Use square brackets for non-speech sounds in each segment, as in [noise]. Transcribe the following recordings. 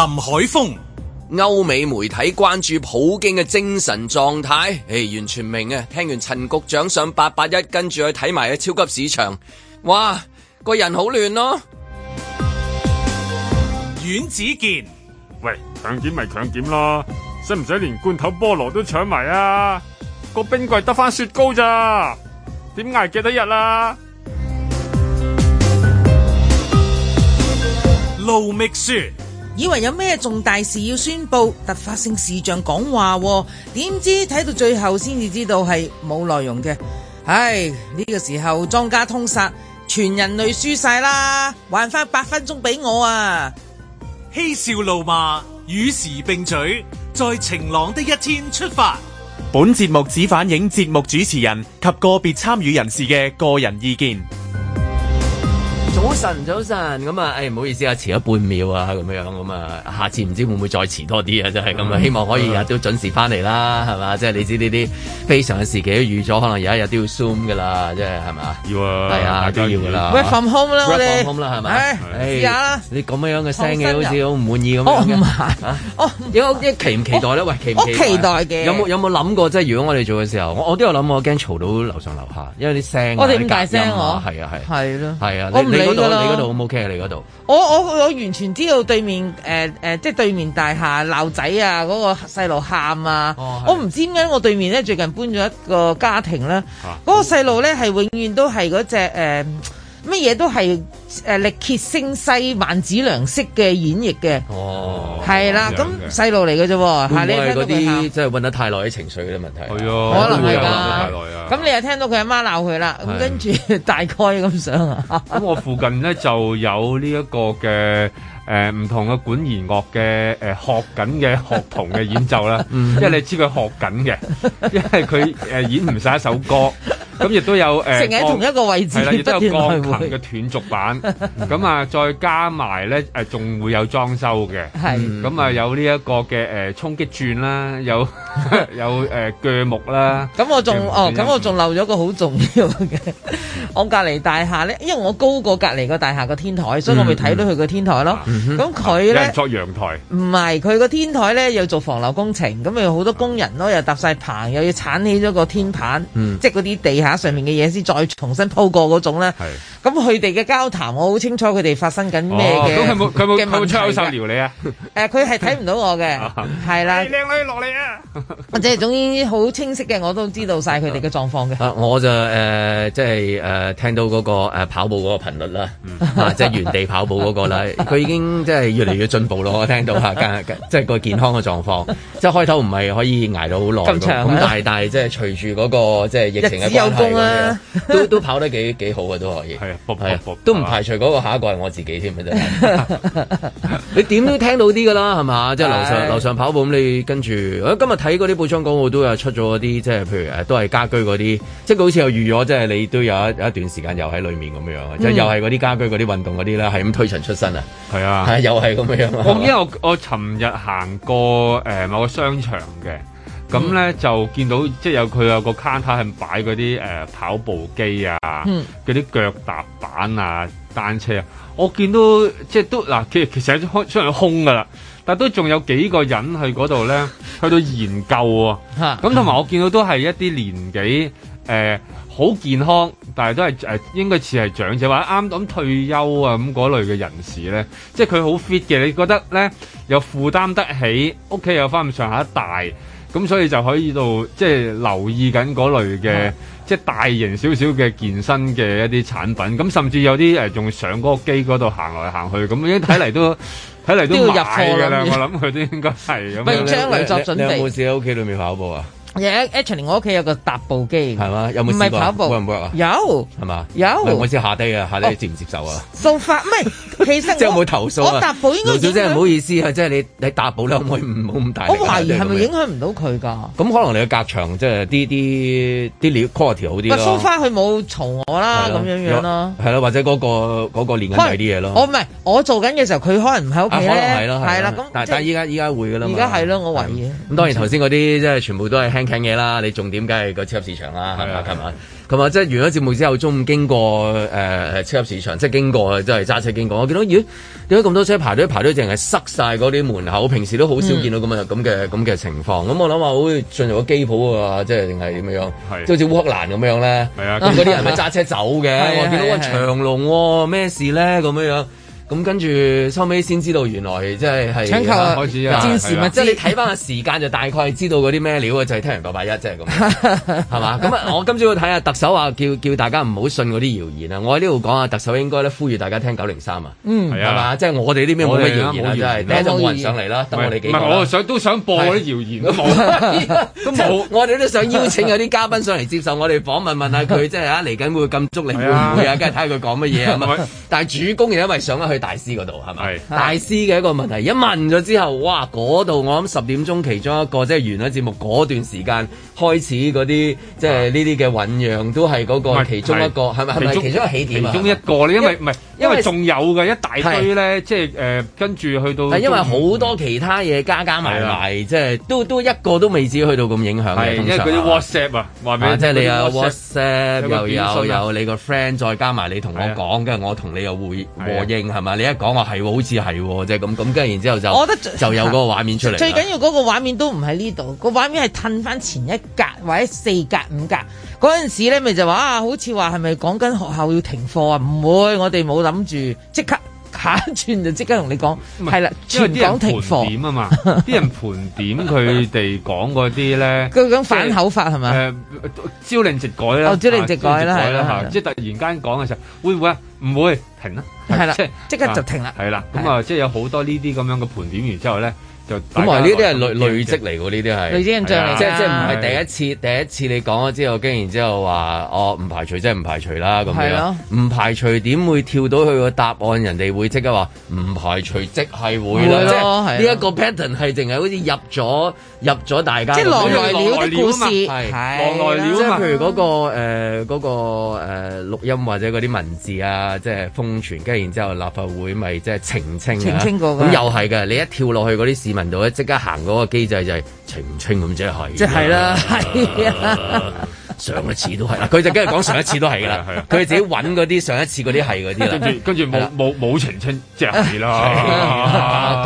林海峰，歐美媒體關注普京嘅精神狀態，誒、哎，完全明啊！聽完陳局長上八八一，跟住去睇埋個超級市場，哇，個人好亂咯。阮子健，喂，強檢咪強檢咯，使唔使連罐頭菠蘿都搶埋啊？個冰櫃得翻雪糕咋？點捱幾多日啊？盧覓雪。以為有咩重大事要宣佈，突發性視像講話，啊，點知睇到最後先至知道係冇內容嘅。唉，呢個時候莊家通殺，全人類輸晒啦！還翻八分鐘俾我啊！嬉笑怒罵，與時並舉，在晴朗的一天出發。本節目只反映節目主持人及個別參與人士嘅個人意見。早晨，早晨咁啊！哎，唔好意思啊，遲咗半秒啊，咁樣樣咁啊，下次唔知會唔會再遲多啲啊！真係咁啊，希望可以日都準時翻嚟啦，係、嗯、嘛？即係、就是、你知呢啲非常嘅時期都預咗可能有一日都要 Zoom 噶啦，即係係嘛？要啊，係啊大家，都要噶啦。喂 from home 啦、啊，我哋 from home 啦、啊，係咪、啊？哎，而你咁樣樣嘅聲嘅，好似好唔滿意咁嘅。哦， [laughs] 唔係，哦，有啲期唔期待咧？喂，期唔期待？期待嘅。有冇有冇諗過？即係如果我哋做嘅時候，我都有諗，我驚嘈到樓上樓下，因為啲聲我哋咁大聲我係係。係啊。你嗰度你嗰度好唔好 k e 啊，你嗰度，okay。我我我完全知道對面誒，誒、呃、即、呃、係、就是、對面大廈鬧仔啊，嗰、那個細路喊啊。哦、我唔知點解我對面咧最近搬咗一個家庭啦。嗰、啊那個細路咧係永遠都係嗰隻誒。呃乜嘢都係誒、呃、力竭聲嘶、萬子良色嘅演繹嘅，係、哦、啦，咁細路嚟嘅啫喎，嚇你嗰啲即係揾得太耐啲情緒嗰啲問題，啊，係啊，可能太耐㗎。咁、啊、你又聽到佢阿媽鬧佢啦，咁跟住大概咁想啊。咁我附近咧就有呢一個嘅誒唔同嘅管弦樂嘅、呃、學緊嘅學童嘅演奏啦， [laughs] 因為你知佢學緊嘅，因為佢、呃、演唔晒一首歌。咁、嗯、亦都有誒，成、呃、喺同一個位置，啦，亦都有鋼琴嘅斷續版。咁、 [laughs] 嗯、啊，再加埋咧仲會有裝修嘅，咁、嗯嗯、啊，有呢一個嘅誒、呃、衝擊鑽啦、啊，有。 [laughs] 有誒鋸、呃、木啦，咁我仲哦，咁我仲漏咗個好重要嘅， [laughs] 我隔籬大廈咧，因為我高過隔籬個大廈個天台， [noise] 所以我咪睇、嗯、到佢個天台咯。咁佢咧做陽台，唔係佢個天台咧又做防漏工程，咁咪好多工人咯，嗯、又搭晒棚，又要鏟起咗個天棚，即係嗰啲地下上，上面嘅嘢先再重新鋪過嗰種啦。咁佢哋嘅交談，我好清楚佢哋發生緊咩嘅。咁佢冇，佢冇，冇出手撩你啊？誒，佢係睇唔到我嘅，係啦。靚女落嚟啊！或者係總之好清晰嘅，我都知道晒佢哋嘅狀況嘅。啊，我就誒，即係誒，聽到嗰、那個誒、啊、跑步嗰個頻率啦，即、嗯、係、 [laughs] 啊就是、原地跑步嗰、那個啦。佢 [laughs] 已經即係、就是、越嚟越進步咯。我聽到吓，即 [laughs] 係、啊就是、個健康嘅狀況，即 [laughs] 係開頭唔係可以捱到好耐咁大，大即係隨住嗰個即係、就是、疫情嘅，有風啦、啊， [laughs] 都都跑得幾幾好嘅都可以。 [laughs] 啊、都唔排除嗰個下一個係我自己添 [laughs] [laughs] 你點都聽到啲噶啦，係 [laughs] 嘛？即係樓上樓 [laughs] 上跑步咁，你跟住、哎，今日喺嗰啲報章廣告都有出咗嗰啲，即係譬如都係家居嗰啲，即係好似又預咗，即係你都有一一段時間又喺裏面咁樣、嗯，即係又係嗰啲家居嗰啲運動嗰啲啦，係咁推陳出新、嗯、是是啊！係啊，又係咁樣。我因為我我尋日行過誒某個商場嘅，咁咧、嗯、就見到即係有佢有個 counter 係擺嗰啲、呃、跑步機啊，嗰、嗯、啲腳踏板啊、單車啊，我見到即係都嗱，其實其實係開出嚟空㗎啦。但都仲有幾個人去嗰度咧，去到研究喎。咁同埋我見到都係一啲年紀誒好、呃、健康，但係都係誒、呃、應該似係長者或者啱咁退休啊咁嗰類嘅人士咧，即係佢好 fit 嘅。你覺得咧又負擔得起屋企有翻咁上下大，咁所以就可以到即係留意緊嗰類嘅 [laughs] 即係大型少少嘅健身嘅一啲產品。咁甚至有啲誒仲上嗰個機嗰度行來行去，咁一睇嚟都。 [laughs] 睇嚟都入貨㗎喇，我諗佢都應該係咁。不如將嚟作準備。你你你有冇試喺屋企裏面跑步啊？誒，H 連我屋企有個踏步機，係嘛？有冇試過？唔係跑步，有係嘛？有，我試下低啊，下低接唔接受啊？so far 咩氣息？其實 [laughs] 即係冇投訴、啊、我踏步應該接唔接受？老唔好意思啊，即係你你踏步咧，可唔可以唔冇咁大、啊？我懷疑係咪影響唔到佢㗎？咁可能你隔、就是那個隔牆即係啲啲啲料 quality 好啲咯。so far 佢冇嘈我啦，咁、啊、樣樣咯，係啦，或者嗰、那個嗰、那個練緊啲嘢咯。我唔係我做緊嘅時候，佢可能唔喺屋企咧，係、啊、啦。咁、啊、但係依家依家會㗎啦，而家係咯，我懷疑。咁當然頭先嗰啲即係全部都係。嘢啦，你重點梗係個車入市場啦，琴日，琴日即係完咗節目之後，中午經過誒誒、呃、車入市場，即係經過即係揸車經過，我見到咦，點解咁多車排隊排隊，淨係塞晒嗰啲門口，平時都少、嗯、想想好少見到咁嘅咁嘅咁嘅情況。咁我諗話好似進入咗基輔啊，即係定係點樣？即好似烏克蘭咁樣咧。係啊，咁嗰啲人咪揸車走嘅。我見到個長龍，咩事咧？咁樣樣。咁跟住收尾先知道，原來即係係搶購啊！戰、就是、時即係 [laughs] 你睇翻個時間就大概知道嗰啲咩料就係、是、聽完八八一即係咁，係、就、嘛、是？咁 [laughs] 啊，我今朝要睇下特首話叫叫大家唔好信嗰啲謠言啊！我喺呢度講啊，特首應該咧呼籲大家聽九零三啊，嗯，啊，即係我哋啲咩冇咩謠言啊，真係冇人上嚟啦，等我哋幾個？唔我想都想播嗰啲謠言，都冇，我哋都想邀請有啲嘉賓上嚟接受我哋訪問,問,問,問，問下佢即係啊嚟緊會唔會禁足，會唔會啊？梗係睇下佢 [laughs] 不會、 [laughs] 啊、講乜嘢但係主公亦都未上咗去。 [laughs] 大師嗰度係咪大師嘅一個問題，一問咗之後，哇！嗰度我諗十點鐘其中一個即係完咗節目嗰段時間開始啲，即係呢啲嘅醞釀都係個其中一個，係咪？係咪其中一個起點啊？其中一個咧，因為唔係，因為仲有嘅一大堆咧，即係誒、呃，跟住去到係因為好多其他嘢加加埋埋，即係都都一個都未止去到咁影響嘅，因為嗰啲 WhatsApp 啊，話畀即係你有、啊啊、WhatsApp，又有有,有,有你個 friend，再加埋你同我講、啊、跟住我同你又回回應係咪。是啊是啊嗱，你一講話係喎，好似係喎，即係咁咁，跟住然之後就，我覺得就有嗰個畫面出嚟。最緊要嗰個畫面都唔喺呢度，個畫面係褪翻前一格或者四格五格嗰陣時咧，咪就話啊，好似話係咪講緊學校要停課啊？唔會，我哋冇諗住即刻。下一轉就即刻同你講，係啦，啲人講停貨啊嘛，啲人盤點佢哋講嗰啲咧，佢講反口法係咪？誒，朝令夕改啦，朝令夕改啦，即係突然間講嘅時候，會唔會啊？唔會停啦，係啦，即即刻就停啦，係啦，咁啊，即係有好多呢啲咁樣嘅盤點完之後咧。咁啊！呢啲係累累積嚟嘅，呢啲係累積，即即唔係第一次，第一次你講咗之後，跟住然之後話哦，唔排除，即係唔排除啦咁樣。唔排除點會跳到去個答案？人哋會即刻話唔排除會，即係會。呢一個 pattern 係淨係好似入咗入咗大家即係狼來了的故事，係狼來了嘛？即係譬如嗰、嗰個誒嗰個錄音或者嗰啲文字啊，即係瘋傳。跟住然之後立法會咪即係澄清，澄清過咁又係嘅。你一跳落去嗰啲市問到咧，即刻行嗰個機制就係澄清咁，即係，即係啦，係啊。就是 [laughs] 上一次都係，佢就跟住講上一次都係㗎啦。佢 [laughs] 自己揾嗰啲上一次嗰啲係嗰啲啦。 [laughs] 跟住冇冇冇澄清即係啦。咁、 [laughs] 啊啊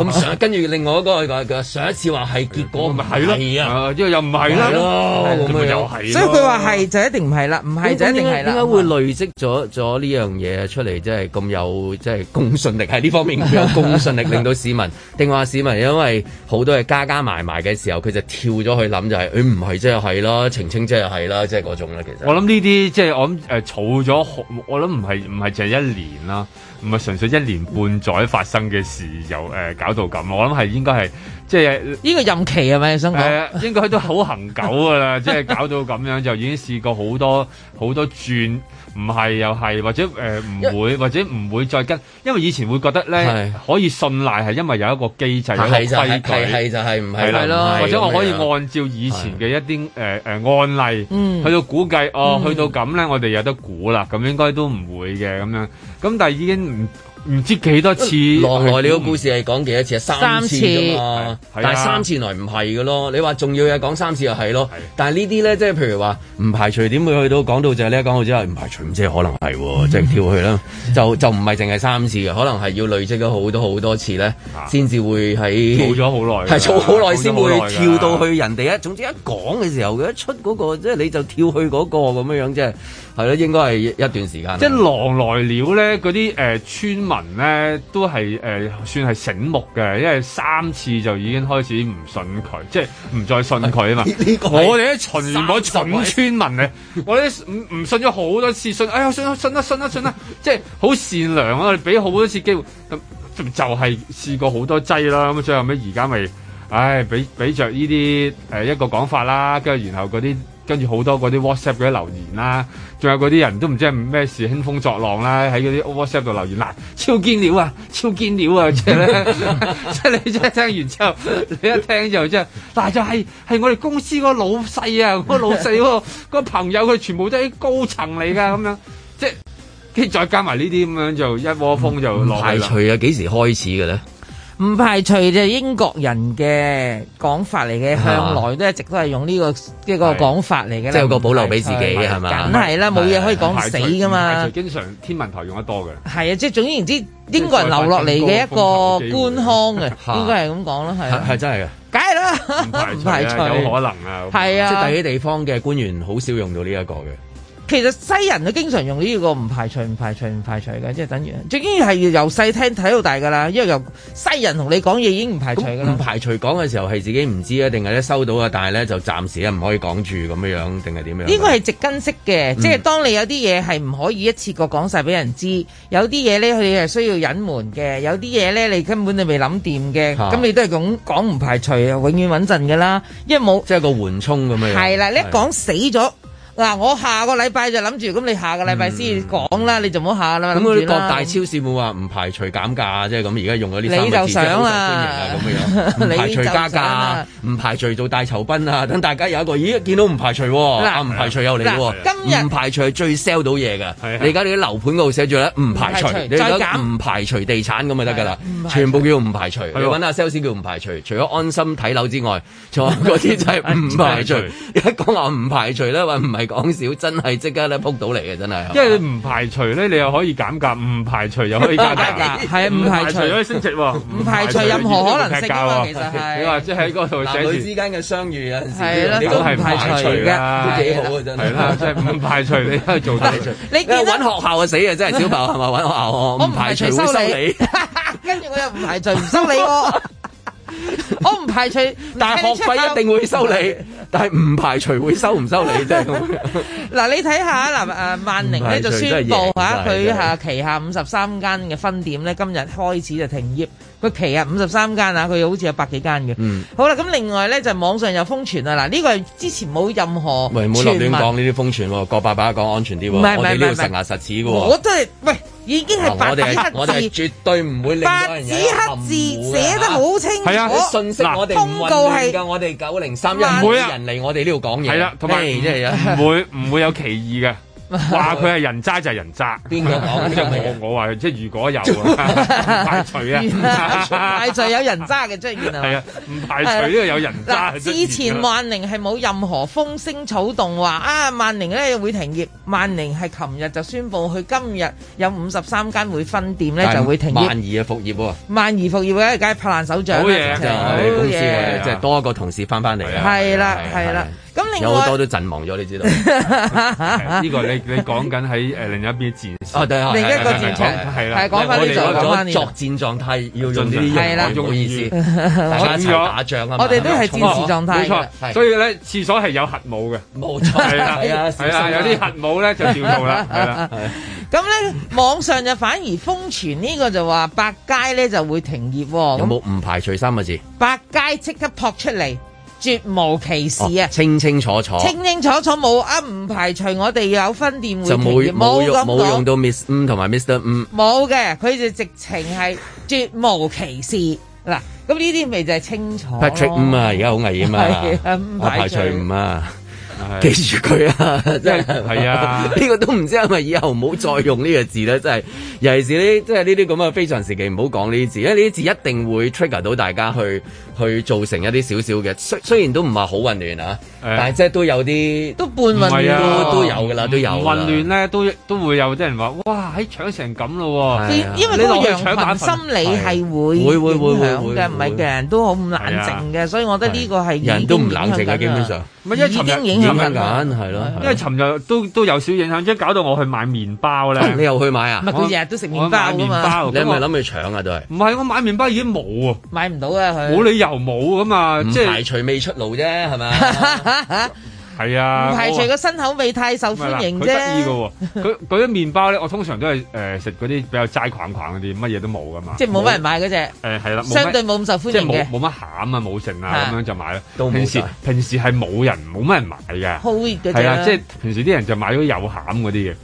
啊、上跟住另外一、嗰個個 [laughs] 上一次話係 [laughs] 結果唔係咯？係啊，又唔係咯？咁咪、啊、又係。所以佢話係就一定唔係啦，唔係就一定係啦。點解 [laughs] 會累積咗咗呢樣嘢出嚟？即係咁有即係公信力喺呢方面有公信力，令 [laughs] 到市民定話 [laughs] 市民，因為好多嘢加加埋埋嘅時候，佢就跳咗去諗就係、是，佢唔係即係係啦，澄清即係係啦，即咧，其實我諗呢啲即係我諗誒儲咗，我諗唔係唔係淨係一年啦，唔係純粹一年半載發生嘅事就、呃、搞到咁，我諗係應該係即係呢、呢個任期係咪想講？誒、呃， [laughs] 應該都好恒久噶啦， [laughs] 即係搞到咁樣就已經試過好多好多轉。唔係又係，或者誒唔、呃、會，或者唔會再跟，因為以前會覺得咧可以信賴，係因為有一個機制，有係，個係就係唔係咯？或者我可以按照以前嘅一啲誒、呃、案例，去到估計、嗯、哦，去到咁咧，我哋有得估啦，咁應該都唔會嘅咁樣，咁但係已經唔。唔知幾多次，狼來呢個故事係講幾多次啊？三次啫嘛，但係三次來唔係噶咯，你話重要嘢講三次又係咯，但係呢啲咧，即係譬如話唔排除點會去到講到就係呢一講好之後，唔排除即係可能係即係跳去啦， [laughs] 就就唔係淨係三次嘅，可能係要累積咗好多好多次咧，先至會喺做咗好耐，係做好耐先會跳到去人哋一，總之一講嘅時候，佢一出嗰、那個即係你就跳去嗰、那個咁樣樣，即係。係咯，應該係一段時間。即係狼來了咧，嗰啲誒村民咧都係誒、呃、算係醒目嘅，因為三次就已經開始唔信佢，即係唔再信佢啊嘛。 [laughs] 我哋啲淳樸蠢村民咧， [laughs] 我哋唔唔信咗好多次，信哎呀，信、啊、信啦、啊、信啦、啊、信啦、啊、即係好善良啊，我哋俾好多次機會，咁就係試過好多劑啦。咁最後尾，而家咪，唉，俾俾着呢啲誒一個講法啦，跟住然後嗰啲。跟住好多嗰啲 WhatsApp 嘅留言啦、啊，仲有嗰啲人都唔知係咩事，興風作浪啦、啊，喺嗰啲 WhatsApp 度留言，嗱，超堅料啊，超堅料啊，即係咧，即 [laughs] 係 [laughs] 你即係聽完之後，你一聽就即、是、係，但就係係我哋公司老、啊那個老細啊，個老細個個朋友佢全部都係啲高層嚟噶，咁樣即係跟住再加埋呢啲咁樣就一窩蜂就落啦。唔、嗯、排啊，幾時開始嘅咧？唔排除就係英國人嘅講法嚟嘅，向來都一直都係用呢、呢個一、呢個講法嚟嘅啦，即係有個保留俾自己嘅，係嘛，梗係啦，冇嘢可以講死噶嘛。排，排經常天文台用得多嘅，係啊，即係總言之，英國人留落嚟嘅一個官腔嘅，應該係咁講咯，係係真係嘅，梗係啦，唔排除、啊 [laughs] 排除啊、有可能啊，係啊，即係第啲地方嘅官員好少用到呢一個嘅。其實西人都經常用呢、這個唔排除、唔排除、唔排除嘅，即係等於最緊要係由細聽睇到大噶啦。因為由西人同你講嘢，已經唔排除嘅。唔排除講嘅時候係自己唔知啊，定係咧收到啊，但係咧就暫時咧唔可以講住咁樣樣，定係點樣？應該係植根式嘅，即係當你有啲嘢係唔可以一次過講晒俾人知，有啲嘢咧佢係需要隱瞞嘅，有啲嘢咧你根本就未諗掂嘅，咁、啊、你都係咁講唔排除啊，永遠穩陣噶啦，因為冇即係個緩衝咁樣。係啦，你一講死咗。嗱，我下個禮拜就諗住，咁你下個禮拜先講啦，你就唔好下啦。咁佢各大超市冇話唔排除減價啫，咁而家用咗呢三個字啊，好受歡迎啊，啊，咁 [laughs] 嘅、啊、樣，唔排除加價，唔、 [laughs] 啊、排除做大酬賓啊，等大家有一個，咦，見到唔排除，嗱，唔、啊、排除有你喎，今日唔排除最 sell 到嘢嘅，是是你而家啲樓盤嗰度寫住咧唔排除，是是你而家唔排除地產咁咪得噶啦，全部叫唔排除，揾下 sales 叫唔排除，除咗安心睇樓之外，仲 [laughs] 有嗰啲就係唔排除， [laughs] 一講話唔排除啦，話唔排。啊講少真係即刻咧撲到嚟嘅，真係。因為唔排除咧，你又可以減價；唔排除又可以加價。係 [laughs] 唔排除可以升值喎？唔、啊、排除，排除， [laughs] 排除任何可能性。其實係。你話即係喺嗰度男女之間嘅相遇有陣時，啊你有時啊，你都唔排除嘅。幾好啊！真係。係啦，即係唔排除 [laughs] 你去做排 [laughs] 你要得揾學校啊死啊！真係小朋友係咪揾學校？ [laughs] 我唔排除收你。跟 [laughs] 住我又唔排除唔收你。 [laughs] [laughs] [laughs] 我唔排除， [laughs] 但係學費一定會收你， [laughs] 但係唔排除會收唔收你啫。嗱 [laughs] 這樣， [laughs] 你睇下嗱，誒、啊，萬寧咧就宣布吓佢吓旗下五十三間嘅分店咧，今日開始就停業。佢旗下五十三間啊，佢好似有百幾間嘅。嗯，好啦，咁另外咧就是、網上又瘋傳啊，嗱，呢、這個係之前冇任何唔係唔好落亂講呢啲瘋傳，郭伯伯講安全啲、哦，唔我哋呢個實牙實齒嘅。我對、哦、喂。已經係白紙黑字，嗯、我哋我哋絕對唔會令嗰樣嘢含糊嘅。係啊，白紙黑字寫得好清楚啊，信息我哋唔混，我哋九零三一唔，啊哎嗯啊嗯，會人嚟我哋呢度講嘢，係啦，同埋唔會唔會有歧義嘅。 [laughs] 話佢係人渣就係人渣，邊個講？我我話，即係如果有 [laughs] [laughs] 排除啊， [laughs] 排除有人渣嘅，即係原來係啊，唔排除呢個有人渣、啊啊。之前萬寧係冇任何風聲草動話啊，萬寧咧會停業。萬寧係琴日就宣布，佢今日有五十三間會分店咧就會停業。萬二嘅復業喎、啊。萬二復業咧、啊，梗係、啊、拍爛手掌啦、啊。好嘢、啊，我公司好嘢、啊，即、就、係、是、多一個同事翻翻嚟啦。係啦、啊，係啦、啊。另有好多都陣亡咗，你知道？呢 [laughs] 個你你講緊喺誒另一邊戰事、哦。另一個戰場係啦，係係係講翻呢座作戰狀態，要用啲熱火護士，大家 [laughs] 一齊打仗 [laughs] 係啊！我哋都係戰時狀態嘅，所以咧廁所係有核武嘅，冇錯。係 [laughs] 啊是的，係 [laughs] 啊，有啲核武咧就調度啦，係 [laughs] 啦。咁咧，網上就反而風傳呢個就話百佳咧就會停業。有冇唔排除三個字？百佳即刻撲出嚟！絕無歧視啊、哦！清清楚楚，清清楚楚冇啊！唔排除我哋有分店會冇冇用，用到 Miss 同、嗯、埋 Mr 冇、嗯、嘅，佢就直情係絕無歧視嗱。咁呢啲咪就係清楚 Patrick、嗯、啊，而家好危險啊！啊唔排除唔、嗯、啊。啊、記住佢啊！真係係啊，呢、啊這個都唔知係咪以後唔好再用呢個字咧，真係，尤其是呢，即係呢啲咁嘅非常時期，唔好講呢啲字，因為呢啲字一定會 trigger 到大家去去造成一啲少少嘅，雖雖然都唔係好混亂啊，但係即係都有啲都半混亂、啊，都有噶啦，都有混亂咧，都都會有啲人話：，哇，喺搶成咁咯、啊啊，因為呢個搶蛋心理係會、啊、會會影響嘅，唔係嘅人都好唔冷靜嘅、啊，所以我覺得呢個係人都唔冷靜嘅、啊，基本上。唔係，因為尋日影響緊係咯，因為尋日都都有少影響，即係搞到我去買麵包咧、啊。你又去買啊？唔係佢日日都食麵包啊嘛，嘛。你係咪諗去搶啊？都係唔係？我買麵包已經冇啊，買唔到啦佢。冇理由冇噶嘛，即係排除未出爐啫，係咪 [laughs] 係啊，唔排除個新，哦、口味太受歡迎啫。佢得意噶喎，佢啲麵包咧，我通常都係誒食嗰啲比較齋框框嗰啲，乜嘢都冇噶嘛。即係冇乜人買嗰隻。誒係啦，相對冇咁受歡迎冇乜餡啊，冇剩啊，咁樣就買啦，啊。平時都沒平時係冇人，冇乜人買嘅。好 [laughs] 熱嘅，啊，係即係平時啲人就買咗有餡嗰啲嘅。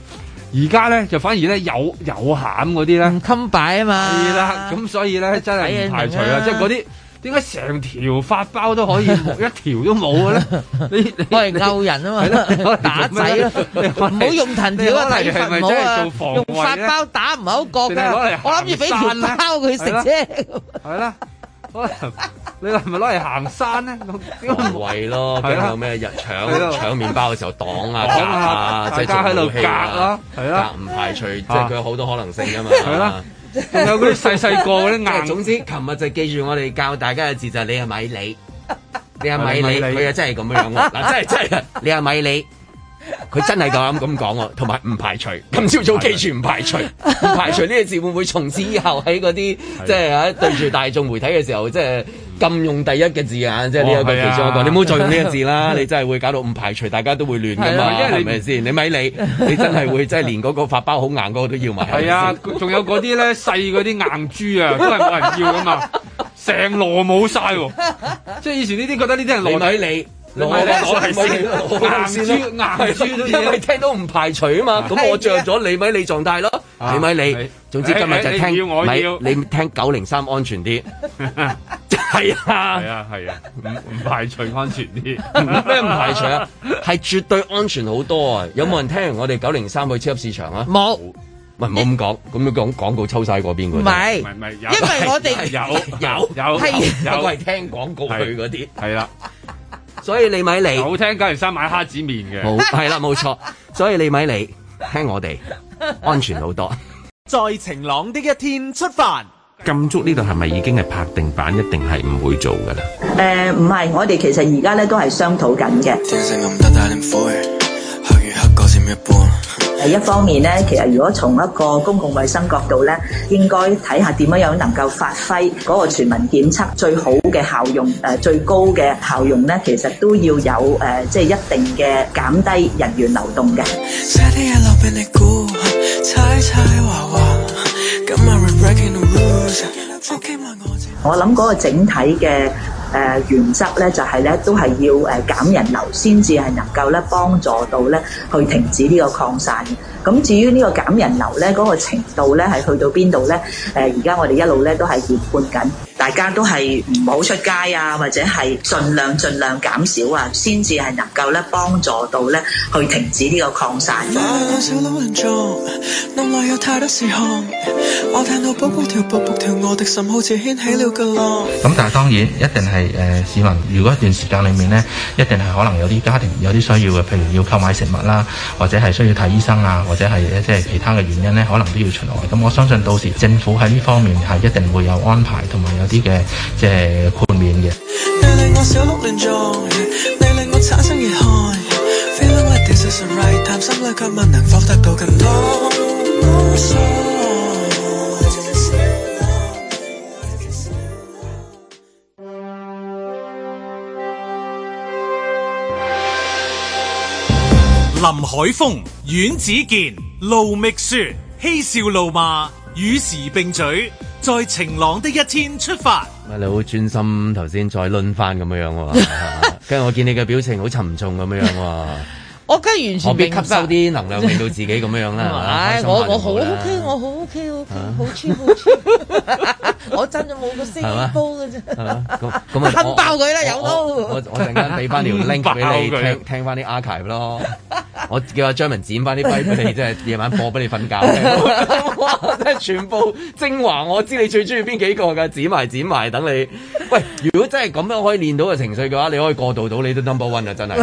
而家咧就反而咧有有餡嗰啲咧，唔襟擺啊嘛。啦，啊，咁所以咧真係唔排除啦，啊，即係嗰啲。點解成條發包都可以一條都冇嘅咧？你我係救人啊嘛，係咯，打仔咯、啊，唔好用藤條啊，係咪、啊、真係做防衛啫？用發包打唔好過啦，我諗住俾條包佢食啫。係啦，你係咪攞嚟行山咧？點解唔你咯？仲 [laughs] 有咩人搶搶麵包嘅時候擋啊隔啊，即係一路隔咯，隔唔、啊啊啊啊啊啊、排除，即係佢有好多可能性噶嘛。有嗰啲細細個嗰啲壓力。總之，琴日，就記住我哋教大家嘅字就係你係咪你，你係咪你」 [laughs] 啊。佢又真係咁樣樣喎。嗱，真係真係，你係咪你，佢真係夠膽咁講喎，同埋唔排除。今朝早，早記住唔排除，唔排除呢個字會唔會從此以後喺嗰啲即係喺對住大眾媒體嘅時候即係。禁用第一嘅字眼，即係呢一個其中一個，啊、你唔好再用呢個字啦！ [laughs] 你真係會搞到唔排除，大家都會亂噶嘛，係咪先？你咪你， [laughs] 你真係會真係連嗰個發包好硬嗰個都要埋。係啊，仲有嗰啲咧細嗰啲硬珠啊，都係冇人要噶嘛，成籮冇晒喎。 [laughs] 即係以前呢啲覺得呢啲係籮底嚟。我講係先，硬豬硬豬，因為聽到唔排除啊嘛。咁我着咗你咪你狀態咯，你咪你。總之今日就聽咪，你聽九零三安全啲，係啊，係啊，係啊，唔唔排除安全啲。咩唔排除啊？係絕對安全好多啊！有冇人聽我哋九零三去超級市場啊？冇，唔好唔好咁講。咁樣講廣告抽晒嗰邊嘅，唔係唔係，因為我哋有有係，我係聽廣告去嗰啲，係啦。所以你咪嚟，好聽賈余生買蝦子麵嘅，係 [laughs] 啦，冇錯。所以你咪嚟，聽我哋安全好多 [laughs] 。在晴朗的一天出發。禁足呢度係咪已經係拍定版，一定係唔會做噶啦？誒、呃，唔係，我哋其實而家咧都係商討緊嘅。一方面咧，其實如果從一個公共衛生角度咧，應該睇下點樣樣能夠發揮嗰個全民檢測最好嘅效用，誒最高嘅效用咧，其實都要有誒即係一定嘅減低人員流動嘅。我諗嗰個整體嘅。誒原則咧就係咧都係要誒減人流先至係能夠咧幫助到咧去停止呢個擴散嘅。咁至於呢個減人流咧嗰個程度咧係去到邊度咧？誒而家我哋一路咧都係熱判緊，大家都係唔好出街啊，或者係盡量盡量減少啊，先至係能夠咧幫助到咧去停止呢個擴散。咁但係當然一定係。係市民，如果一段時間裏面咧，一定係可能有啲家庭有啲需要嘅，譬如要購買食物啦，或者係需要睇醫生啊，或者係即係其他嘅原因咧，可能都要出外。咁我相信到時政府喺呢方面係一定會有安排和有些的，同埋有啲嘅即係豁免嘅。 [music] 林海峰、阮子健、盧覓雪，嬉笑怒罵，與時並嘴，在晴朗的一天出發。喂，你好專心。頭先再輪翻咁樣樣，跟住我見你嘅表情好沉重咁樣樣。 [laughs] 我梗係完全何必吸收啲能量、啊、令到自己咁樣啦？ [laughs] 我我好 OK，我好 OK 好穿好穿，我真係冇個聲波嘅啫。咁咁啊，吞爆佢啦，有咯！我我陣間俾翻條 link 俾你聽，聽翻啲 archive 咯。 [laughs] 我叫阿張文剪翻啲輝俾你，即係夜晚播俾你瞓覺。哇！係全部精華，我知你最中意邊幾個㗎？剪埋剪埋，等你。喂，如果真係咁樣可以練到嘅情緒嘅話，你可以過渡到你，你都 number one 啊！真係，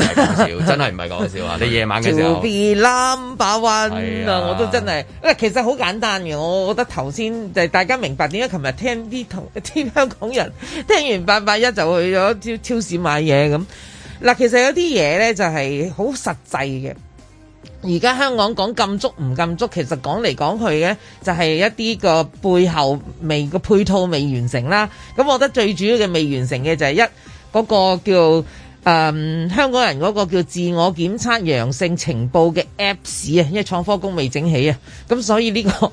真係唔係講笑啊！你夜晚嘅時候，to be number one 啊，我都真係，嗱，其實好簡單嘅。我覺得頭先就係、大家明白點解琴日聽啲同聽香港人聽完八八一就去咗超超市買嘢咁。嗱，其實有啲嘢咧就係好實際嘅。而家香港講禁足唔禁足，其實講嚟講去嘅，就係、係、一啲個背後未個配套未完成啦。咁我覺得最主要嘅未完成嘅就係一嗰、嗰個叫。誒、um, 香港人嗰個叫自我檢測陽性情報嘅 Apps 啊，因為創科工未整起啊，咁所以呢、呢個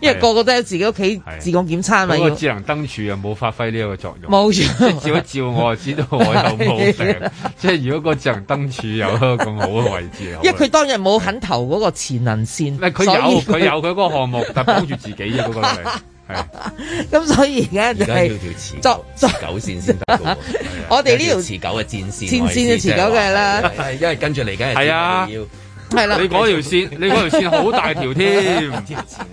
因為個個都喺自己屋企自我檢測嘛，個智能燈柱又冇發揮呢一個作用，冇照一照我就知道我又有冇病， [laughs] 即係如果個智能燈柱有咁好嘅位置， [laughs] 因為佢當日冇肯投嗰個潛能線，佢有佢有佢嗰個項目， [laughs] 但係保住自己嘅嗰咁 [laughs] 所以而家就係作作持久線先得，我哋呢條持久嘅、啊那個、 [laughs] 戰，戰線， [laughs] 就是說 [laughs] 戰線嘅持久嘅啦，係因為跟住嚟，梗係要。係啦，你嗰條線，你嗰條線好大條添，唔知條線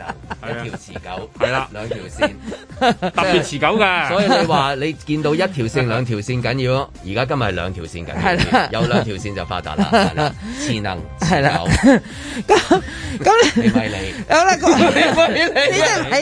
能，一條持久，係啦，兩條線，特別持久嘅。所以你話你見到一條線兩條 [laughs] 線緊要，而家今日係兩條線緊要，有兩條線就發達啦，持久，係啦，咁咁你咪你，好 [laughs] [laughs] [laughs] 啦，你咪你，你咪你，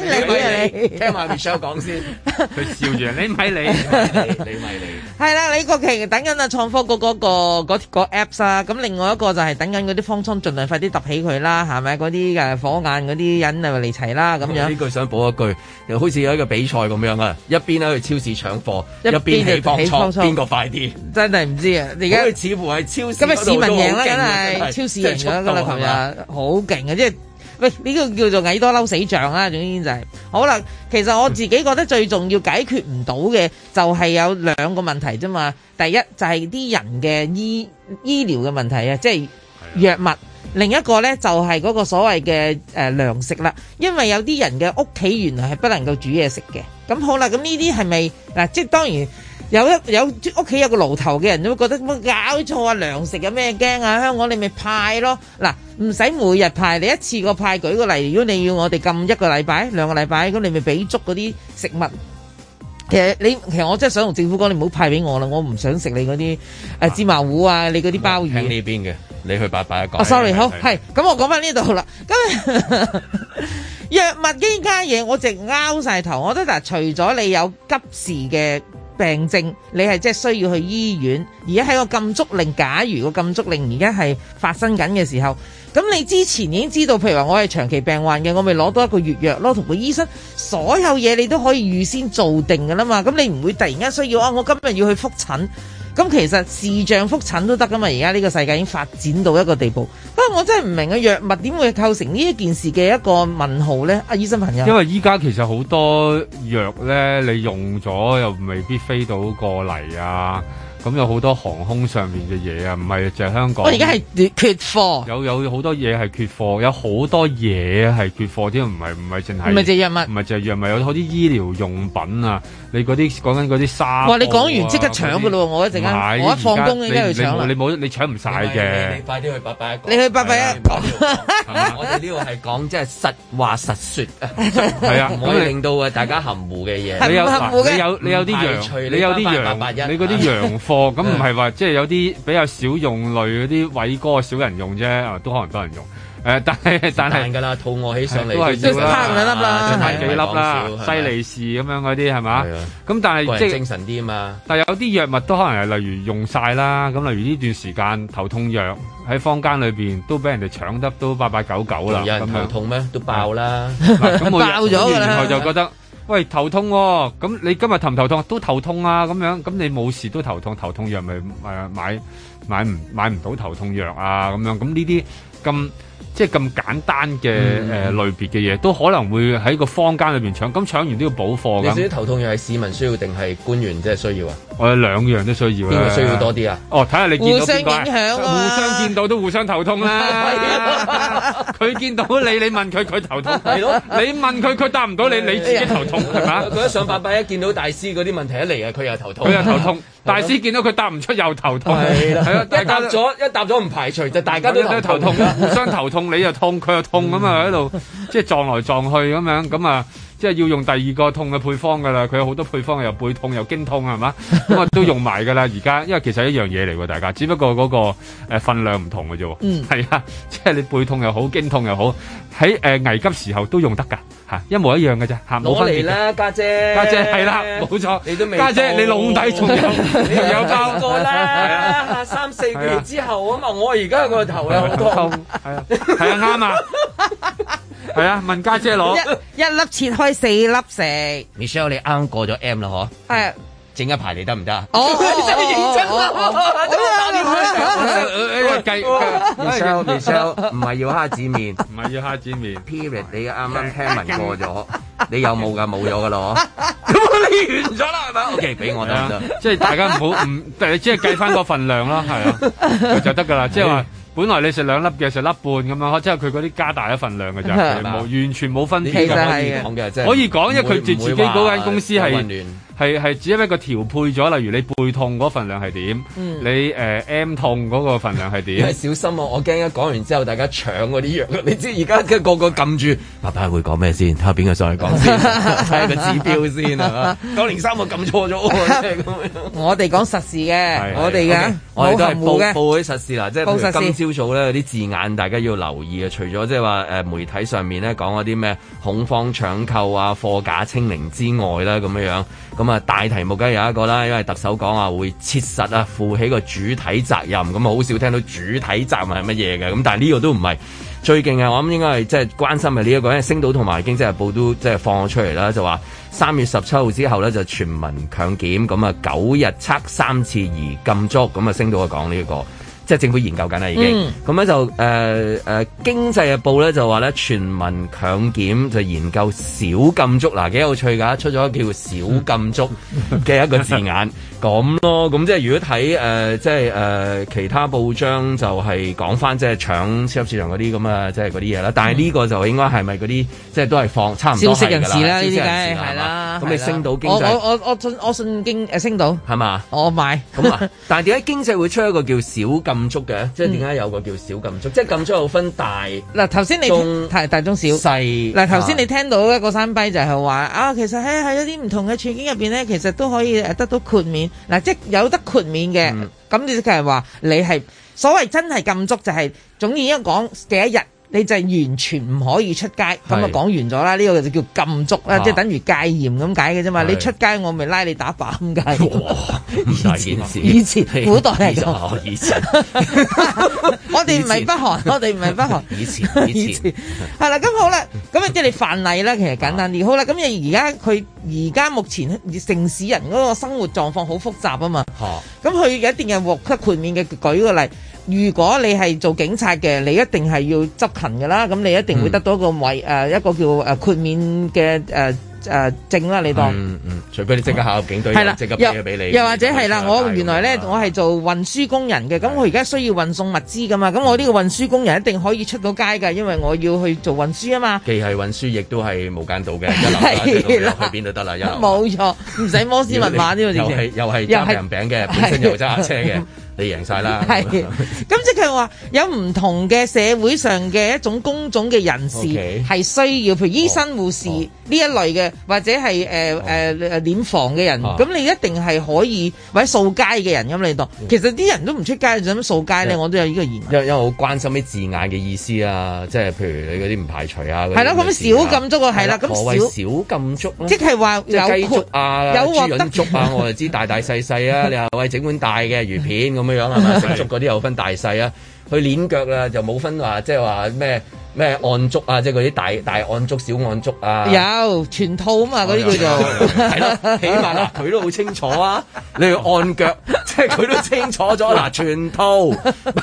你咪你，聽埋 Michelle 講先，佢笑住，你咪你，你咪你，係啦，李國奇等緊啊創科嗰個嗰個 apps 啊，咁另外一個就係等緊嗰啲方盡量快啲揼起佢啦，係咪嗰啲誒火眼嗰啲人咪嚟齊啦？咁樣呢句想補一句，又好似有一個比賽咁樣啊！一邊喺去超市搶貨，一邊起倉倉，邊個快啲？真係唔知啊！而家佢似乎係超市。咁咪市民贏啦，梗係超市贏咗啦。琴日好勁啊！即係、就是、喂呢、這個叫做蟻多嬲死象啦。總之就係、是、好啦。其實我自己覺得最重要解決唔到嘅就係有兩個問題啫嘛。第一就係、是、啲人嘅醫醫療嘅問題啊，即、就、係、是。藥物，另一個呢就係、是、嗰個所謂嘅誒糧食啦，因為有啲人嘅屋企原來係不能夠煮嘢食嘅，咁好啦，咁呢啲係咪嗱？即係當然有得有屋企有個爐頭嘅人都會覺得，乜搞錯啊！糧食有咩驚啊？香港你咪派咯，嗱，唔使每日派，你一次過派。舉個例，如果你要我哋禁一個禮拜、兩個禮拜，咁你咪俾足嗰啲食物。其實你其實我真係想同政府講，你唔好派俾我啦，我唔想食你嗰啲誒芝麻糊啊，啊你嗰啲鮑魚呢邊嘅，你去拜拜一個。啊，sorry，好係，咁我講翻呢度啦。咁藥物呢家嘢，我直拗晒頭，我覺得除咗你有急事嘅病症，你係即係需要去醫院，而家喺個禁足令，假如個禁足令而家係發生緊嘅時候。咁你之前已經知道，譬如話我係長期病患嘅，我咪攞到一個月藥咯，同個醫生所有嘢你都可以預先做定㗎啦嘛。咁你唔會突然間需要啊，我今日要去復診，咁其實視像復診都得噶嘛。而家呢個世界已經發展到一個地步。不過我真係唔明嘅藥物點會構成呢一件事嘅一個問號呢？啊醫生朋友。因為依家其實好多藥呢，你用咗又未必飛到過嚟啊。咁、嗯、有好多航空上面嘅嘢啊，唔係就係香港。我而家係缺貨，有有好多嘢係缺貨，有好多嘢係缺貨添，唔係唔係淨係。唔係就藥物，唔係就藥物有好多醫療用品啊！你嗰啲講緊嗰啲沙、啊。哇！你講完即刻搶㗎喇！我一陣間，我一放工依家就搶。你你冇，你搶唔晒嘅。你快啲去八八一，你去八八一。啊、 [laughs] 我哋呢度係講即係實話實說實啊，係啊，唔可以令到啊大家含糊嘅嘢。你有你有啲洋，你有啲洋，你啲洋貨 [laughs] 哦，咁唔係話即係有啲比較少用類嗰啲偉哥少人用啫，啊，都可能多人用。誒、呃，但係但係難噶啦，肚餓起上嚟都係即係幾粒啦，差幾粒啦，犀利士咁樣嗰啲係嘛？咁但係即係精神啲啊嘛。但係有啲藥物都可能係例如用曬啦，咁、嗯、例如呢段時間頭痛藥喺坊間裏邊都俾人哋搶得都八八九九啦。有人頭痛咩？都爆啦，啊嗯嗯、爆咗啦、啊嗯、 [laughs] 啦。然後就覺得。喂，頭痛喎、哦，咁你今日頭唔頭痛都頭痛啊，咁樣，咁你冇事都頭痛，頭痛藥咪誒買買唔買唔到頭痛藥啊，咁樣，咁呢啲咁。即係咁簡單嘅誒類別嘅嘢、嗯，都可能會喺個坊間裏面搶。咁搶完都要補貨。有少少頭痛，又係市民需要定係官員即係需要啊？我兩樣都需要咧、啊。邊個需要多啲啊？哦，睇下你見到邊個。互相影響、啊啊、互相見到都互相頭痛啦、啊。佢 [laughs] 見到你，你問佢，佢頭痛； [laughs] 你問佢，佢答唔到你， [laughs] 你自己頭痛係嘛？佢一上八八一見到大師嗰啲問題一嚟呀，佢又頭痛。佢又頭痛。 [laughs] 大師見到佢答唔出又頭痛，係啊 [laughs] 對， [laughs] 答咗了 [laughs] 一答咗唔排除，就 [laughs] 大家都頭痛， [laughs] 互相頭痛，你又痛佢又痛咁啊喺度，即係撞來撞去咁樣咁啊！即係要用第二個痛嘅配方㗎啦，佢有好多配方，又背痛又經痛，係嘛？咁啊都用埋㗎啦。而家因為其實是一樣嘢嚟喎，大家只不過嗰、嗰個分、呃、量唔同嘅啫。嗯，係啊，即係你背痛又好，經痛又好，喺誒、呃、危急時候都用得㗎嚇、啊，一模一樣嘅啫嚇。嚟、啊、啦，家姐，姐，家姐係啦，冇錯，家姐，姐你老底仲有， [laughs] 你、啊、有教過啦，三四年之後啊嘛，我而家個頭又痛，係啊，係 [laughs] 啊，啱啊。 [laughs] 係啊，問家姐攞一一粒切開四粒食。Michelle 你啱啱過咗 M 啦，嗬？係，整一排你得唔得啊？哦，認真啦，我我我啲咩啊？計 Michelle，Michelle 唔係要蝦子麵，唔係要蝦子麵。Period，你啱啱聽聞過咗，你有冇噶？冇咗噶啦，嗬？咁啊，你完咗啦，係咪？OK，俾我得唔得？即係大家唔好唔，即係計翻個份量啦，係啊，就得噶啦，即係話。本來你食兩粒嘅食粒半咁樣，即係佢嗰啲加大一份量嘅咋，完全冇分別嘅可以講嘅，即、就、係、是、可以講，因為佢自自己嗰間公司係係係，只因為個調配咗，例如你背痛嗰份量係點，嗯，你誒、呃、M 痛嗰個份量係點。你小心啊，我驚一講完之後大家搶嗰啲藥。你知而家個個撳住，爸爸會講咩先？睇下邊個上去講先，睇 [laughs] 下個指標先。九零三我撳錯咗，我哋講實事嘅， [laughs] 我哋嘅、okay,，我哋都報報啲實事嗱，即、就、係、是、今朝早咧有啲字眼，大家要留意啊！除咗即係話誒媒體上面咧講嗰啲咩恐慌搶購啊、貨架清零之外啦，咁樣樣。咁啊，大題目梗係有一個啦，因為特首講啊，會切實啊負起個主體責任。咁啊，好少聽到主體責任係乜嘢嘅。咁但係呢個都唔係最近啊，我諗應該係即係關心嘅呢一個。因為星島同埋經濟日報都即係放咗出嚟啦，就話三月十七號之後呢，就全民強檢，咁啊九日測三次而禁足，咁啊星島講呢一個。即係政府研究緊啦，已經咁咧就誒誒、呃、經濟日報咧就話咧全民強檢就研究小禁足，嗱幾有趣噶，出咗叫小禁足嘅一個字眼咁 [laughs] 咯。咁即係如果睇誒即係誒其他報章就係講翻即係搶超級市場嗰啲咁啊，即係嗰啲嘢啦。但係呢個就應該係咪嗰啲即係都係放差唔多消息人士啦，呢啲梗係啦。咁你升到經濟，我我我信我信經誒、啊、升到係嘛？我買咁啊！ [laughs] 但係點解經濟會出一個叫小禁？禁足嘅？即係點解有個叫小禁足，嗯、即係禁足有分大嗱，頭先你大大中小細嗱，頭先你聽到一、那個山碑就係話啊，其實喺喺、哎、一啲唔同嘅處境入邊咧，其實都可以誒得到豁免嗱、啊，即係有得豁免嘅，咁、嗯、你即係話你係所謂真係禁足就係，總然一講嘅一日。你就係完全唔可以出街，咁就講完咗啦。呢、呢個就叫禁足啦、啊，即係等於戒嚴咁解嘅啫嘛。你出街我咪拉你打靶咁 [laughs] 以，以，以前，以前，古代嚟以， [laughs] 以前，我哋唔係北韓，我哋唔係北韓。以前， [laughs] 以前，係 [laughs] 啦以前，咁 [laughs] 好啦，咁啊，即係你犯例啦，其實簡單啲。好啦，咁你而家佢而家目前城市人嗰個生活狀況好複雜啊嘛。咁佢有一定嘅獲得豁免嘅舉個例，如果你係做警察嘅，你一定係要執勤㗎啦。咁你一定會得到一個位誒、嗯呃、一個叫誒豁免嘅誒誒證啦。你當，嗯嗯、除非你即刻考入警隊，即、啊、刻俾嘢俾你又。又或者係啦，我原來咧、啊、我係做運輸工人嘅。咁我而家需要運送物資噶嘛。咁我呢個運輸工人一定可以出到街㗎，因為我要去做運輸啊嘛。既係運輸，亦都係無間道嘅。係 [laughs] 啦，去邊都得啦。冇 [laughs] 錯，唔使摩斯密碼呢個事又係又係揸人餅嘅，本身又揸架車嘅。 [laughs] 是的 [laughs] 你贏晒啦！咁 [laughs] 即係話有唔同嘅社會上嘅一種工種嘅人士係、okay. 需要，譬如醫生、哦、護士呢、哦、一類嘅，或者係誒誒誒殮房嘅人。咁、啊、你一定係可以或者掃街嘅人，咁你當。嗯、其實啲人都唔出街，就咁掃街咧、嗯，我都有呢個現因為因為我好關心啲字眼嘅意思啊，即係譬如你嗰啲唔排除啊。係咯，咁少禁足啊，係啦，咁少少禁足、啊，即係話有骨、就是、啊，有骨得足啊，我就知大大細細啊。 [laughs] 你話喂整碗大嘅魚片。 [laughs] 咁樣係嘛？食粥嗰啲有分大細啊，去攆腳啦，就冇分話即係話咩咩按粥啊，即係嗰啲大大按粥、小按粥啊。有全套啊嘛，嗰、哦、啲叫做係咯。 [laughs] 起碼啦，佢都好清楚啊。你要按腳， [laughs] 即係佢都清楚咗嗱， [laughs] 全套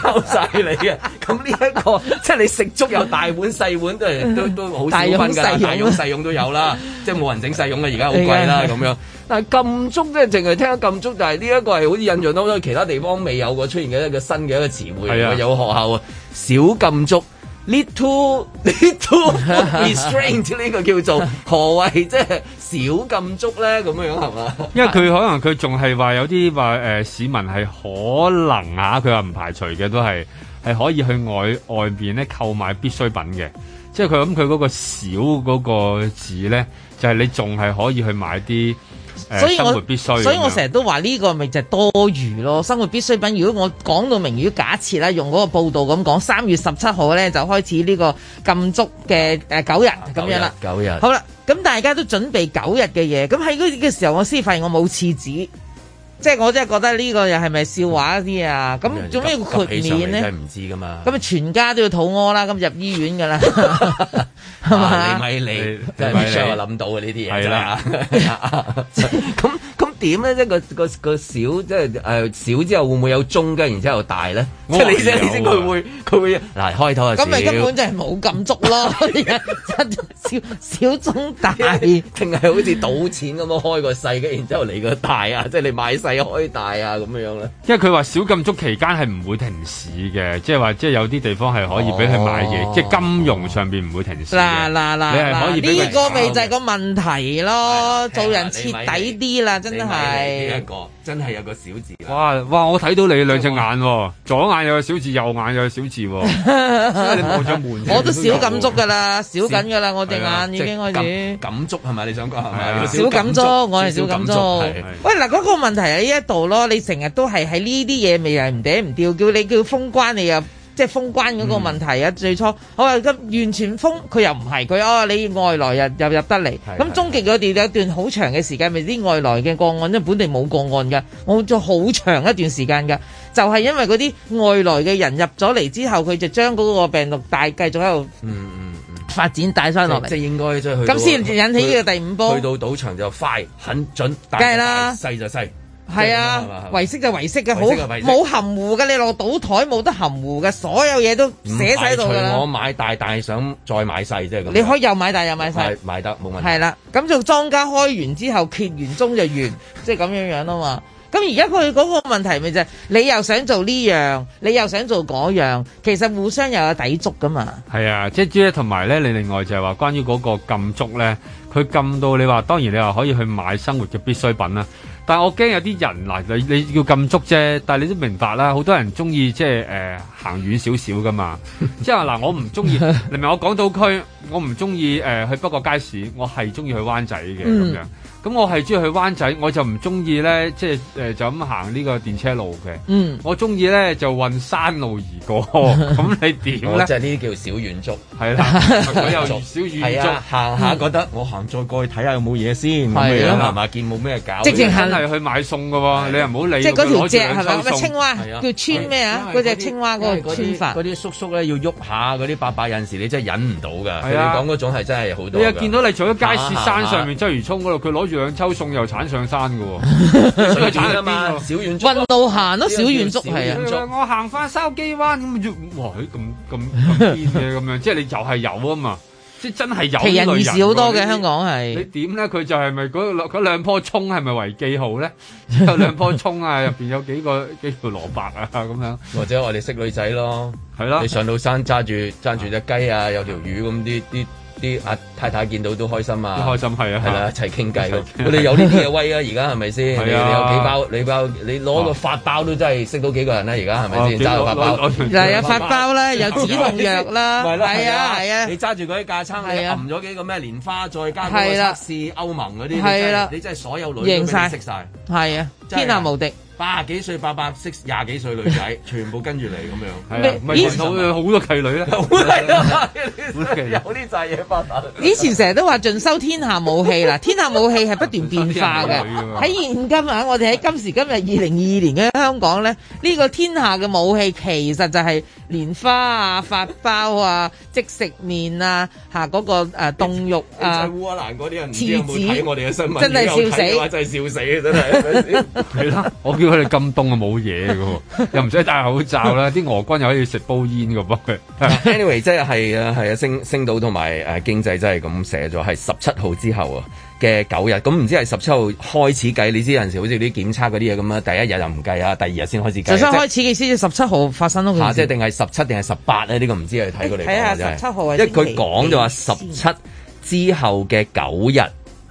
包晒你嘅。咁呢一個即係你食粥有大碗 [laughs] 細碗都都都好少分㗎啦，大蓉細蓉、啊、都有啦。即係冇人整細蓉啦，而家好貴啦咁樣。但係禁足咧，淨係聽得禁足，但係呢一個係好似印象到好多其他地方未有過出現嘅一個新嘅一個詞彙，啊、有學校啊小禁足，little little [laughs] restraint 呢個叫做何謂即係小禁足咧？咁樣係嘛？因為佢可能佢仲係話有啲話誒市民係可能啊，佢話唔排除嘅都係係可以去外外邊咧購買必需品嘅，即係佢諗佢嗰個小嗰個字咧，就係、是、你仲係可以去買啲。所以我所以我成日都話呢個咪就係多餘咯，生活必需品。如果我講到明，如，假設啦，用嗰個報道咁講，三月十七號呢就開始呢個禁足嘅誒九日咁樣啦。九日，九日，好啦，咁大家都準備九日嘅嘢。咁喺嗰個時候，我先發現我冇廁紙。即係我真係覺得呢個又係咪笑話啲啊？咁做咩要豁免咧？咁啊全家都要肚屙啦，咁入醫院㗎啦，係 [laughs] 嘛、 [laughs] [laughs] [laughs] 啊？ [laughs] 你咪 [laughs] 你，真係唔知我諗到嘅呢啲嘢啫啦咁。你點咧？即、嗰、係個、嗰個小即係誒小之後會唔會有中嘅？然之後大咧、啊？即係你先，你先佢會佢會嗱開頭係咁咪根本就係冇禁足咯，小小中大，定係好似賭錢咁樣開個細嘅，然之後個 [laughs] 你個大啊！即係你買細開大啊咁樣咧？因為佢話小禁足期間係唔會停市嘅、就是哦，即係話即係有啲地方係可以俾佢買嘢，即係金融上邊唔會停市。嗱嗱嗱，你係可以俾佢呢、呢個咪就係個問題咯？做人徹底啲啦，真係。係，一、這個真係有，就是、有個小字。哇哇，我睇到你兩隻眼，左眼又有個小字，右眼又有小字，你咗門。 [laughs] 我都少感觸噶啦，少緊噶啦，我隻眼、啊、已經開始。感觸係咪你想講係咪？少感觸、啊，我係少感觸。喂，嗱，嗰個問題喺呢一度咯，你成日都係喺呢啲嘢，咪又唔嗲唔吊，叫你叫封關，你又。即係封關嗰個問題啊！嗯、最初好啊，咁完全封佢又唔係佢哦，你外來人又入入得嚟。咁終極嗰段有一段好長嘅時間，咪啲外來嘅個案，因為本地冇個案噶，我做好長一段時間噶，就係、是、因為嗰啲外來嘅人入咗嚟之後，佢就將嗰個病毒大繼續喺度發展帶翻落嚟。即、嗯、係、嗯嗯、應該即去。咁先引起呢個第五波。去到賭場就快，很準。梗係啦，細就細。係啊，維息就維息嘅，好冇含糊嘅。你落賭台冇得含糊嘅，所有嘢都寫晒度噶啦。唔排除我買大，但係想再買細，即係咁。你可以又買大又買細，買得冇問題。係啦，咁就莊家開完之後，揭完盅就完，即係咁樣樣啊嘛。咁而家佢嗰個問題咪就係，你又想做呢樣，你又想做嗰樣，其實互相又有抵觸噶嘛。係啊，即係呢，同埋咧，你另外就係話關於嗰個禁足咧，佢禁到你話，當然你話可以去買生活嘅必需品啦。但係我驚有啲人，嗱，你你要禁足啫，但係你都明白啦，好多人中意即係誒行遠少少噶嘛， [laughs] 即係話嗱、呃、我唔中意，明明我港島區，我唔中意誒去北角街市，我係中意去灣仔嘅咁樣。嗯咁我係中意去灣仔，我就唔中意咧，即係、呃、就咁行呢個電車路嘅。嗯，我中意咧就運山路而過。咁 [laughs] 你點咧？我就係呢啲叫小遠足，係 [laughs] 啦，我有小遠足，係行、啊、下覺得我行再過去睇下有冇嘢先咁、啊、樣啦、就是，下見冇咩搞，即係係去買餸㗎喎。你又唔好理。即係嗰條隻係咪？係係青蛙？叫穿咩啊？嗰隻青蛙嗰村穿法。嗰啲叔叔咧要喐下，嗰啲伯伯有時你真係忍唔到㗎。你講嗰種係真係好多。你又見到你坐咗街市山上面周如衝嗰度，佢、啊、攞。啊兩抽蔥又鏟上山嘅喎， [laughs] 小遠足，云道行咯，這個、小遠足係啊，我行翻筲箕灣咁，哇，咁咁癲嘅咁樣，即係你又係有啊嘛，即係真係有奇人異事好多嘅香港係。你點咧？佢就係咪嗰兩棵蔥係咪為記號咧？ [laughs] 有兩棵蔥啊，入邊有幾個幾條蘿蔔啊咁樣，或者我哋識女仔咯，係咯，你上到山揸住揸住隻雞啊，有條魚咁啲啲。啲阿太太見到都開心，開心啊！開心係啊，係啦、啊，一齊傾偈咁。你有呢啲嘢威啊！而家係咪先？你有幾包？你包你攞個發包都真係識到幾個人啦、啊！而家係咪先？揸、啊、到、啊、 [laughs] 發包嗱，有發包啦，有止痛藥啦，係 [laughs] 啊係啊，啊，啊，啊，啊！你揸住嗰啲架撐，你含咗幾個咩蓮花，再加個塞士歐盟嗰啲，係啦、啊，你真係、啊、所有女人晒，食晒！係啊，天下無敵。八啊幾歲伯伯識廿幾歲女仔， [laughs] 全部跟住你咁樣，係 [laughs] 啊是，以前有好 [laughs] 多契女咧，有啲債嘢發達，以前成日都話盡收天下武器啦，天下武器係不斷變化嘅。喺現今啊，我哋喺今時今日二零二二年嘅香港咧，呢、呢個天下嘅武器其實就係蓮花啊、發包啊、即食麵啊、嚇 [laughs] 嗰個誒凍肉啊。是烏拉蘭嗰啲人唔知有冇睇我哋嘅新聞，真係笑，笑死，真係笑死，真係係啦，我叫。佢哋咁凍啊，冇嘢嘅喎，又唔使戴口罩啦，啲俄軍又可以食煲煙嘅噃。Anyway，即係係啊，係啊，星、星島同埋誒經濟真係咁寫咗，係十七號之後嘅九日。咁唔知係十七號開始計，你知有陣時好似啲檢測嗰啲嘢咁啊，第一日就唔計啊，第二日先開始計。就先、是、開始嘅先至十七號發生咯。嚇！即係定係十七定係十八咧？呢個唔知啊，睇個嚟講就睇下十七號係星期幾？因為佢講就話十七之後嘅九日。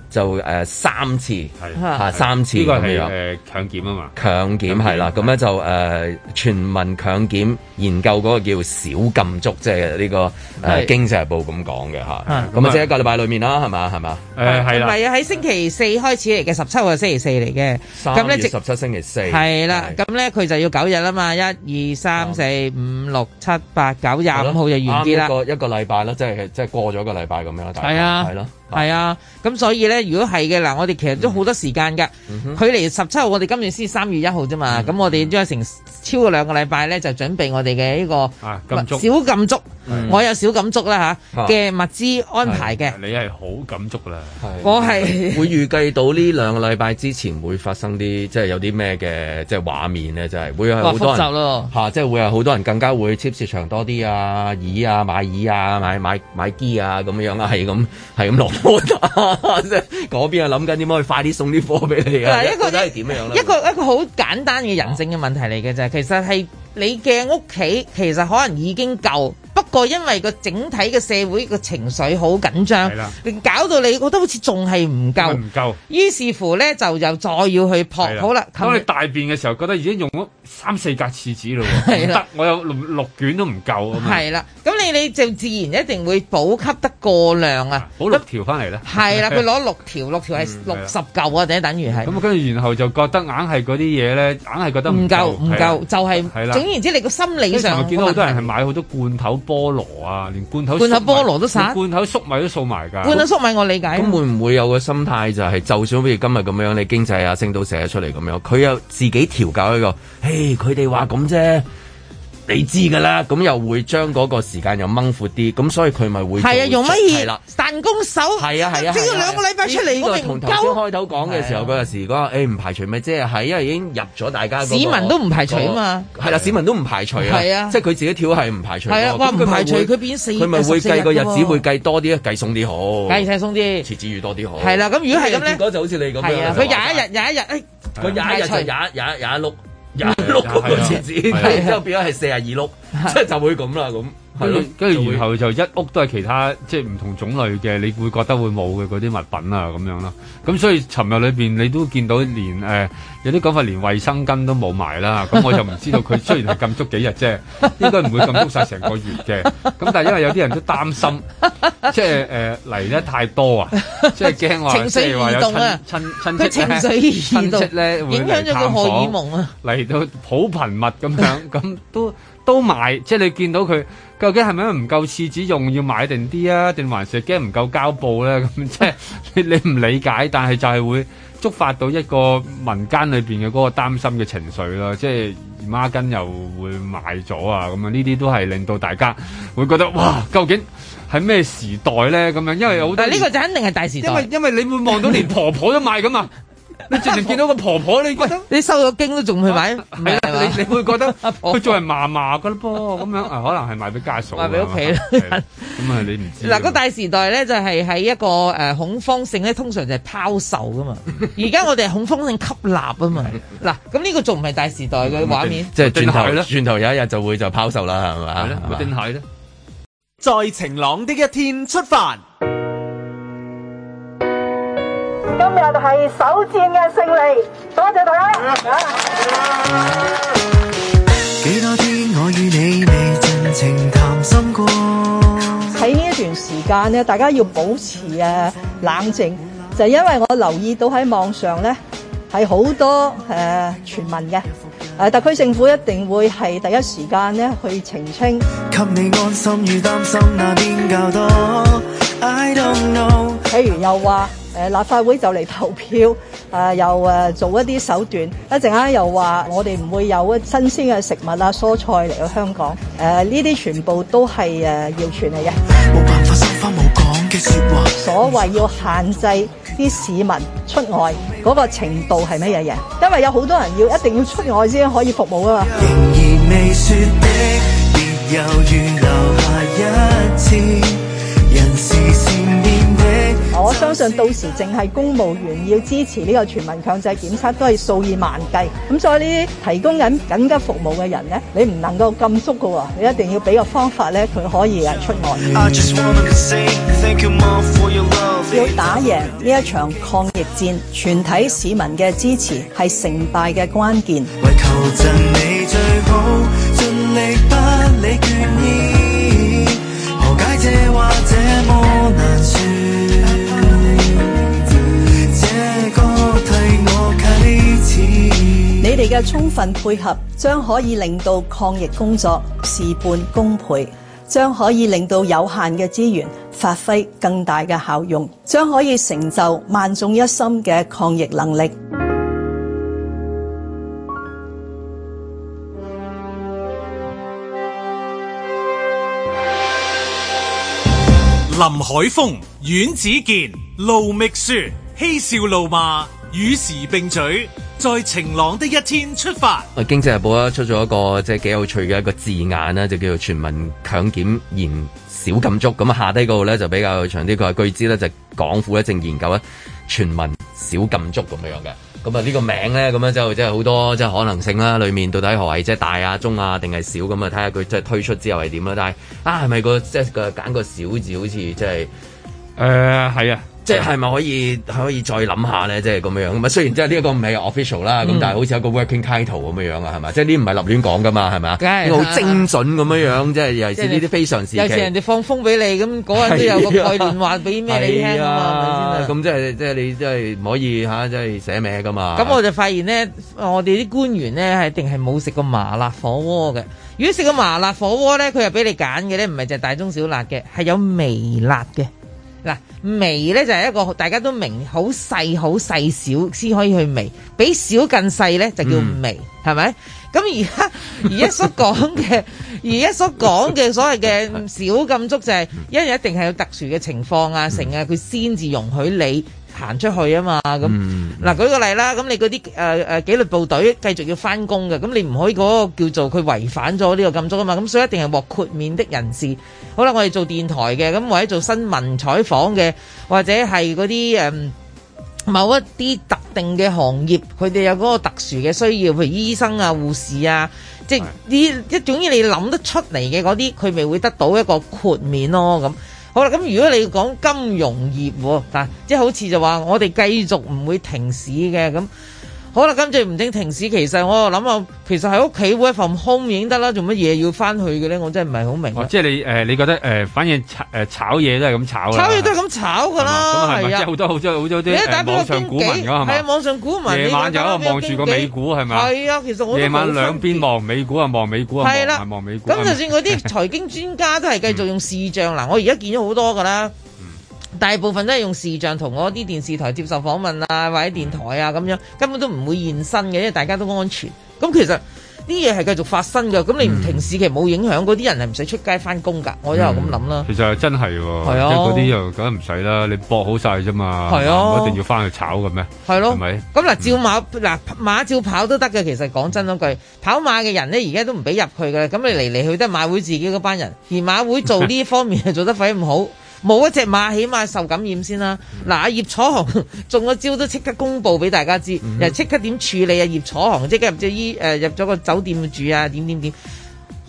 就誒、呃、三次，嚇、 [music] 啊、三次，呢、這個係誒強檢啊嘛，強檢係啦，咁咧就誒全民強檢研究嗰個叫小禁足，即係呢個誒經濟日報咁講嘅咁啊即係一個禮拜裏面啦，係嘛係嘛，係係啊喺星期四開始嚟嘅十七號係星期四嚟嘅，十七星期四係啦，咁咧佢就要九日啦嘛，一二三四五六七八九廿五號就完結啦，一個禮拜啦，即係即、就是、過咗一個禮拜咁樣，係啊，係咯。係啊，咁所以咧，如果係嘅嗱，我哋其實都好多時間噶，距離十七號，我哋今年先三月一號啫嘛，咁、嗯嗯、我哋將成超過兩個禮拜咧，就準備我哋嘅呢個、啊、小禁足、嗯，我有小禁足啦吓嘅物資安排嘅。你係好感觸啦，我係 [laughs] 會預計到呢兩個禮拜之前會發生啲即係有啲咩嘅即係畫面咧，就係、是、會有好多人嚇，即係會有好多人更加會超市場多啲啊，椅啊買椅啊，買買買機啊咁樣啊，係咁係咁落。我即嗰邊啊，諗緊點解快啲送啲貨俾你啊？一個一個好簡單嘅人性嘅問題嚟嘅，就係其實係你嘅屋企，其實可能已經夠。不過因為個整體嘅社會個情緒好緊張，係啦，令搞到你覺得好似仲係唔夠，唔夠。於是乎咧，就又再要去撲，好啦。當你大便嘅時候，覺得已經用咗三四格廁紙咯，唔得，我有六卷都唔夠啊嘛，係啦，咁你你就自然一定會補給得過量啊，補六條翻嚟咧。係啦，佢 [laughs] 攞六條，六條係六十嚿啊，或者等於係。咁啊，跟住然後就覺得硬係嗰啲嘢咧，硬係覺得唔夠，唔夠，唔夠就係。係啦。總言之，你個心理上我見到好多人係買好多罐頭。菠蘿啊，連罐頭罐頭菠蘿都散，罐頭粟米都掃埋噶。罐頭粟米我理解。咁會唔會有個心態就係、是， [music] 就算好似今日咁樣，你經濟啊，升到寫出嚟咁樣，佢又自己調教一個，嘿佢哋話咁啫。你知噶啦，咁又會將嗰個時間又掹闊啲，咁所以佢咪會係啊用乜嘢？係啦彈弓手係啊係啊，即要、啊啊啊啊、兩個禮拜出嚟。呢、這個同頭先開頭講嘅時候嗰陣時，如果誒唔排除咪即係係，因為、啊、已經入咗大家市民都唔排除啊嘛。係啦，市民都唔排除嘛、那個、啊。係啊，啊，啊，即係佢自己跳係唔排，、啊、排除。係啊，話唔排除佢變四。佢咪會計個日子、啊、會計多啲，計鬆啲好。計細鬆啲，設置預多啲好。係啦，咁如果係咁咧，結果就好似你咁樣。佢廿一日，廿一日，誒，佢廿一日就廿廿廿六。廿六個字字，啊、 [laughs] 然之後變咗係四廿二碌，即係就會咁啦咁。跟住，跟住，然後就一屋都係其他即係唔同種類嘅，你會覺得會冇嘅嗰啲物品啊咁樣咯。咁所以尋日裏邊，你都見到連誒有啲講法連衛生巾都冇埋啦。咁我就唔知道佢雖然係禁足幾日啫，應該唔會禁足曬成個月嘅。咁但係因為有啲人都擔心，即係誒嚟得太多啊，即係驚話即係話有親親親戚咧，親戚咧會影響咗個荷爾蒙啊，嚟到好頻密咁樣，咁都。都買，即係你見到佢究竟係咪唔夠廁紙用要買定啲啊？定還是驚唔夠膠布咧？咁即係你你唔理解，但係就係會觸發到一個民間裏邊嘅嗰個擔心嘅情緒咯。即係姨媽巾又會買咗啊！咁樣，呢啲都係令到大家會覺得哇，究竟係咩時代咧？咁樣因為好多，但係呢個就肯定係大時代，因為因為你會望到連婆婆都買㗎嘛。 [laughs] 你直情見到個婆婆，你得？你收咗經都仲去買？啦 [laughs] 是吧， [laughs] 你你會覺得佢做人嫲嫲噶啦噃，咁 [laughs] 婆婆樣啊，可能係賣俾家屬，賣俾屋企啦。咁 [laughs] 啊，你唔知。嗱個大時代咧，就係、是、喺一個誒、呃、恐慌性咧，通常就係拋售噶嘛。而家我哋係恐慌性吸納啊嘛。嗱， [laughs] 咁呢個仲唔係大時代嘅畫、嗯、面？嗯、即係轉頭，轉頭有一日就會就拋售啦，係嘛？係 [laughs] 啦，定係咧？在 [laughs] 晴朗一的一天出發。今日係首戰嘅勝利，多謝大家。幾、yeah. [music] 多天我與你未盡情談心過？喺呢一段時間咧，大家要保持誒冷靜，就係、因為我留意到喺網上咧係好多誒傳聞嘅，誒特區政府一定會係第一時間咧去澄清。給你安心與擔心那邊，那邊較多？I don't know。譬如又話。誒立法會就嚟投票，誒又誒做一啲手段，一陣間又話我哋唔會有一新鮮嘅食物啊蔬菜嚟到香港，誒呢啲全部都係誒謠傳嚟嘅。冇辦法收翻冇講嘅説話。所謂要限制啲市民出外嗰個程度係乜嘢嘢？因為有好多人要一定要出外先可以服務啊嘛。仍然我相信到時淨係公務員要支持呢個全民強制檢測都係數以萬計。咁所以呢啲提供緊緊急服務嘅人咧，你唔能夠禁足嘅喎，你一定要俾個方法咧，佢可以啊出外。Say, 要打贏呢一場抗疫戰，全體市民嘅支持係成敗嘅關鍵。 [music] 嘅充分配合，將可以令到抗疫工作事半功倍，將可以令到有限嘅資源發揮更大嘅效用，將可以成就萬眾一心嘅抗疫能力。林海峰、阮子健、盧覓雪、嬉笑怒罵。與時並取，在晴朗的一天出發。誒，經濟日報咧出咗一個即係幾有趣嘅一個字眼啦，就叫做全民強檢嚴小禁足。咁啊，下低嗰度咧就比較長啲，佢話據知咧就是、港府一正研究咧全民小禁足咁樣樣嘅。咁啊呢個名咧咁樣就即係好多即係可能性啦。裏面到底何謂，即係大啊、中啊，定係小？咁啊？睇下佢即係推出之後係點啦。但係啊，係咪個即係個揀個小字，好似即係誒係啊？呃即係咪可以可以再諗下咧？即係咁樣樣咁啊！雖然即係呢一個唔係 official 啦，咁 [laughs] 但係好似一個 working title 咁樣樣啊，係嘛？即係呢唔係立亂講噶嘛，係咪？呢好精準咁樣樣，即係尤其是呢啲非常時期，有時人哋放風俾你咁嗰日都有個概念話俾咩你聽啊你嘛，咁即係即係你即係唔可以嚇即係寫名噶嘛？咁我就發現咧，我哋啲官員咧一定係冇食過麻辣火鍋嘅。如果食過麻辣火鍋咧，佢又俾你揀嘅咧，唔係就係大中小辣嘅，係有微辣嘅。嗱微咧就係、是、一個大家都明，好細好細小先可以去微，比小更細咧就叫微，係、嗯、咪？咁而家而家所講嘅而家所講嘅所謂嘅小禁足就係、是、因為一定係有特殊嘅情況啊，成日佢先至容許你。行出去嘛、嗯、啊嘛咁，嗱舉個例啦，咁你嗰啲誒誒紀律部隊繼續要翻工嘅，咁你唔可以嗰個叫做佢違反咗呢個禁足啊嘛，咁所以一定係獲豁免的人士。好啦，我哋做電台嘅，咁或者做新聞採訪嘅，或者係嗰啲誒某一啲特定嘅行業，佢哋有嗰個特殊嘅需要，譬如醫生啊、護士啊，即係總之你諗得出嚟嘅嗰啲，佢咪會得到一個豁免咯咁。好啦，咁如果你講金融業，嗱，即係好似就話我哋繼續唔會停市嘅咁。好啦，今次唔正停市，其實我又諗啊，其實喺屋企 work from home 已經得啦，做乜嘢要翻去嘅咧？我真係唔係好明白。哦，即係你誒，你覺得誒、呃，反正誒炒嘢都係咁炒嘅。炒嘢都係咁炒噶啦，係啊，好多好多好多啲網上股民係啊，係網上股民。夜晚又望住個美股係咪？係啊，其實我夜晚兩邊望美股啊，望美股啊，望、啊、美股、啊。咁、啊啊啊啊、就算嗰啲財經專家都係繼續用視像。嗱、嗯啊，我而家見咗好多㗎啦。大部分都係用視像同我啲電視台接受訪問啊，或者電台啊咁樣，根本都唔會現身嘅，因為大家都安全。咁其實啲嘢係繼續發生嘅，咁你唔停市其實冇影響，嗰啲人係唔使出街翻工㗎。我都係咁諗啦。其實真係喎、啊啊，即係嗰啲又梗係唔使啦，你搏好晒啫嘛。係啊，我一定要翻去炒嘅咩？係咯、啊，係咪？咁嗱，照馬嗱、嗯、馬照跑都得嘅。其實講真嗰句，跑馬嘅人咧而家都唔俾入去㗎。咁你嚟嚟去都係馬會自己嗰班人，而馬會做呢方面係做得鬼唔好。 [laughs] 冇一隻馬，起碼受感染先啦。嗱、嗯，阿葉楚紅中咗招都即刻公佈俾大家知，又即刻點處理啊？葉楚紅即刻、嗯、刻、刻入咗個酒店住啊？點點點，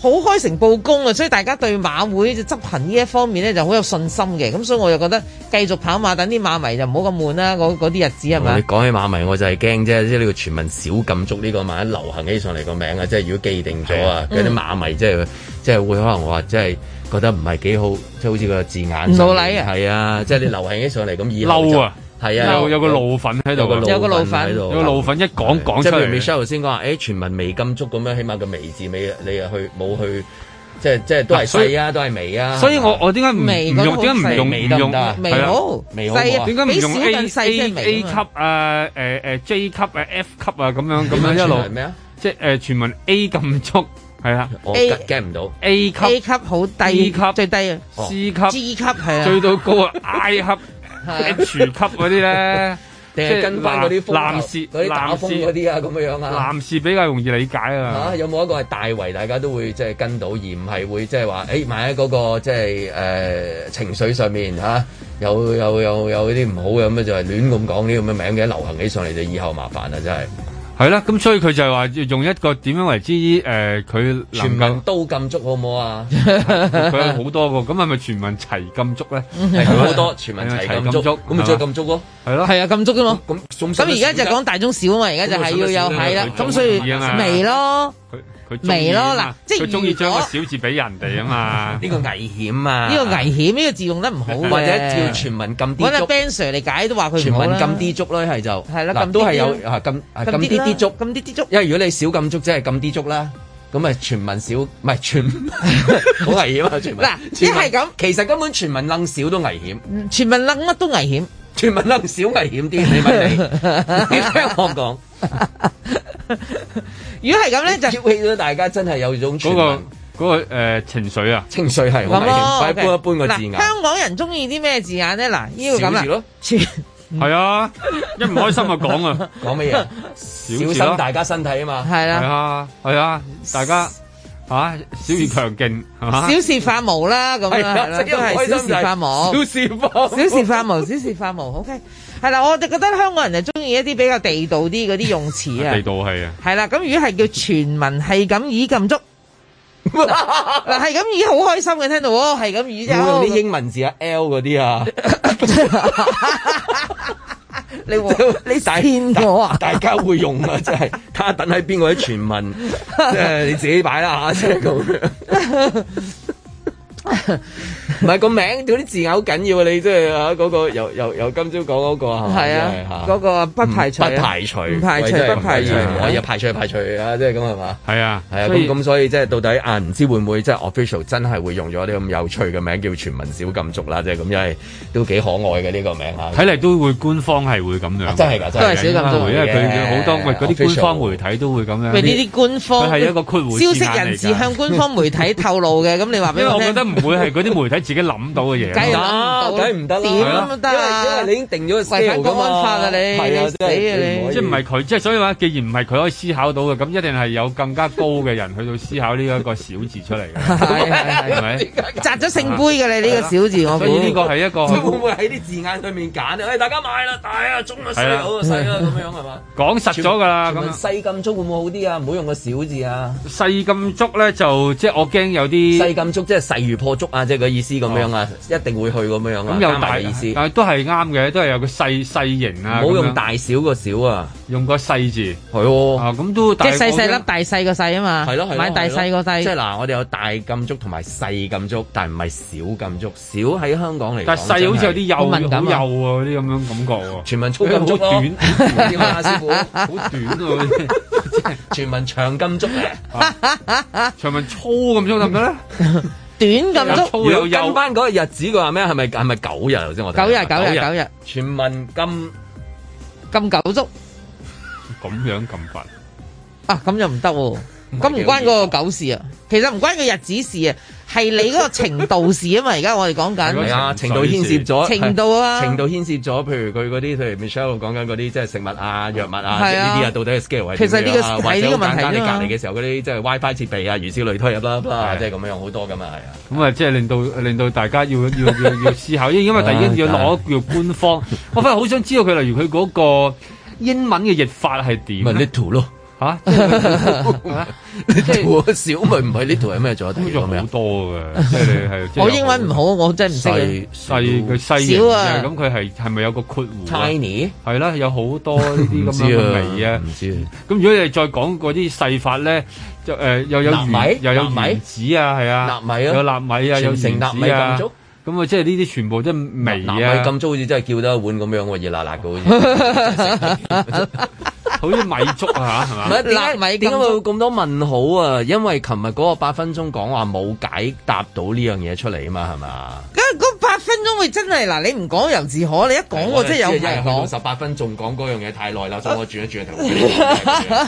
好開誠佈公啊！所以大家對馬會執行呢一方面咧就好有信心嘅。咁所以我就覺得繼續跑馬，等啲馬迷就唔好咁悶啦、啊。嗰嗰啲日子係咪你講起馬迷，我就係驚啫，即係呢個全民小禁足呢、這個萬一流行起上嚟個名啊！即、就、係、是、如果既定咗啊，嗰、嗯、啲馬迷即係即係會可能話即係。就是覺得唔係幾好，即好似個字眼，係啊，即係、啊即係、你流行起上嚟咁，後以嬲啊,啊,啊,啊,、即係欸即係、啊，啊，有有個露粉喺度，個露粉喺度，個露粉一講講出嚟。即係 Michelle 頭先講話，全民微禁足咁樣，起碼個微字尾，你又去冇去，即係即係都係細啊，都係微啊。所以我我點解唔用點解唔用唔用微好微好，點解唔用 A A A 級啊？誒誒、啊啊啊啊啊啊、J 級啊？F 級啊？咁樣咁樣一路咩啊？即係誒全民 A 禁足。係啊我 get 唔到 A 級，A 級好低，G，級，最低啊，C 級，C，哦，級係啊，追到高啊，I 級 [laughs] ，H 級嗰啲咧，即係跟翻嗰啲男士嗰啲打風嗰啲啊，咁樣樣啊，男士比較容易理解啊。吓，啊，有冇一個係大圍，大家都會即係，就是，跟到，而唔係會即係話，誒、就是，買喺嗰個即係誒情緒上面吓，啊，有有有有啲唔好嘅咁樣就係亂咁講呢個咩名嘅，流行起上嚟就以後麻煩啦，真係。係啦，咁所以佢就係話用一個點樣為之？誒，佢全民都禁足好唔好啊？佢好多個，咁係咪全民齊禁足咧？好多全民齊禁足，咁咪再禁足咯？係咯？係啊，禁足嘅咯。咁咁而家就講大中小嘛，而家就係要有係啦。咁所以未咯。未咯，嗱，即係佢中意將個小字俾人哋啊嘛，呢個危險啊，呢個危險，呢個字用得唔好，或者叫全民禁啲。揾阿 Ben Sir 嚟解都話佢全民禁啲足咯，係就係啦，都係有啊咁禁啲啲足，禁啲啲足。因為如果你少禁足，即係禁啲足啦，咁咪全民少，唔係全民好危險啊全民。嗱，一係咁，其實根本全民掹少都危險，全民掹乜都危險，全民掹少危險啲，你咪你，你聽我講。 [laughs] 如果係咁咧，就撩起到大家，真係有種嗰、那個嗰、那個誒、呃、情緒啊，情緒係好一般一般個字眼，香港人中意啲咩字眼咧？嗱，呢個咁啦，少咯，係 [laughs] 啊，一唔開心就講啊，講乜嘢？小心大家身體啊嘛。係啦，係啊，大家吓小事強勁係嘛？小事化無啦，咁、啊、樣，即係開心小事化無，無。小事化小事化無。小事化無。 [laughs] o、okay、k 係啦，我就覺得香港人就中意一啲比較地道啲嗰啲用詞啊。地道係啊。係啦，咁如果係叫全民」 [laughs] 禁止，係咁以咁足。嗱係咁語，好開心嘅聽到喎，係咁語啫。用啲英文字啊 [laughs] ，L 嗰啲些啊。 [laughs] 你說 [laughs] 你大騙啊！大家會用啊，真係。睇下等喺邊個啲全民，」 [laughs] 即係你自己擺啦嚇，即係咁樣唔 [laughs] 係、 [laughs] 個名，屌啲字眼好緊要，就是那個那個，啊！你即係吓嗰個，又又又今朝講嗰個係啊，嗰、嗰個不排除不，不排除，不排除，不排除，係啊，啊，排除係排除啊，即係咁係嘛？係啊，係啊，咁咁所以即係到底啊，唔知會唔會即係 official 真係會用咗啲咁有趣嘅名，叫全民小禁足啦，即係咁，因、嗯、為、嗯、都幾可愛嘅呢，呢個名睇嚟，都會官方係會咁樣，真係噶，真係小禁足。 [laughs] 因為佢好多喂嗰啲官方媒體都會咁樣，俾呢啲官方，係一個括弧消息人士向官方媒體透露嘅，咁你話俾我聽。唔會係嗰啲媒體自己諗到嘅嘢，梗係唔得，點都得啦。因為因為你已經定咗個世界嘅玩法啦，你係啊，你即係唔係佢？即係所以話，既然唔係佢可以思考到嘅，咁一定係有更加高嘅人去到思考呢一個小字出嚟嘅，係係咪？摘咗聖杯嘅你呢個小字，我所以呢個係一個會唔會喺啲字眼上面揀啊？誒，大家買啦，大啊，中啊，細好啊，細啊，咁樣係嘛？講實咗㗎啦，咁細咁足會唔會好啲啊？唔好用個小字啊！細咁足咧就即係我驚有啲細咁足即係細如。破竹啊，即、就、係、是、個意思咁樣啊，哦、一定會去咁樣樣啊。咁有大意思，但係都係啱嘅，都係有個細細型啊。唔好用大小個小啊，用個細字係哦、啊。咁都即係細細粒大細個細啊、就是、嘛。係咯係，買大細個細。即係嗱，我哋有大金竹同埋細金竹，但係唔係小金竹。小喺香港嚟，但係細好似有啲幼好幼啊，嗰啲咁樣感覺喎，全民粗金竹好、啊、 [laughs] 短，短， [laughs] 短啊，師傅，好 [laughs] 短啊。全民長金竹全文粗咁粗得唔得咧？ [laughs] [laughs] 短咁足，然後又跟翻嗰日子，佢話咩？係咪係咪九日頭先？我九日九日九日，日，日，日，日，全民禁禁狗粥，咁樣咁快，啊？咁又唔得，咁唔關嗰個狗事啊，其實唔關個日子事啊。係 [laughs] 你嗰個程度事啊嘛！而家我哋講緊，係啊，程度牽涉咗程度啊，程度牽涉咗。譬如佢嗰啲，譬如 Michelle 講緊嗰啲，即係食物啊、藥物啊，即係呢啲啊，到底係 scale 是樣其點呢啊係點樣啊？或者啱啱你隔離嘅時候嗰啲，即係 WiFi 設備啊，如此類推入啦、啊，即係咁樣好多噶嘛，係啊。咁啊，即係令到令到大家要要 [laughs] 要，要，要思考，因因為第一要攞 [laughs] 官方。 [laughs] 我反而好想知道佢例如佢嗰個英文嘅譯法係點？咯。 [laughs] 嚇、 [laughs] 啊！即係我小米唔係呢度，係咩做？做咩啊？好 [laughs] 多嘅即係係。我英文唔好， [laughs] 我真係唔識細細嘅細咁，佢係係咪有個括弧？Tiny 係啦，有好多呢啲咁嘅味。 [laughs] 啊！唔 [laughs] 知咁如果你再講嗰啲細法咧，就誒、呃、又有圓又有圓子啊，係啊，有納、啊米，啊、米啊，有納米啊，有圓子啊，咁即係呢啲全部都微啊，咁粗好似真係叫得一碗咁樣喎，熱辣辣嘅好似。好似米粥啊，係 [laughs] 嘛？點解點解會咁多問號啊？因為琴日嗰個八分鐘講話冇解答到呢樣嘢出嚟啊嘛，係嘛？嗰八分鐘會真係嗱，你唔講尤自可，你一講我真係有講。十八分仲講嗰樣嘢太耐啦，所以我轉一轉啊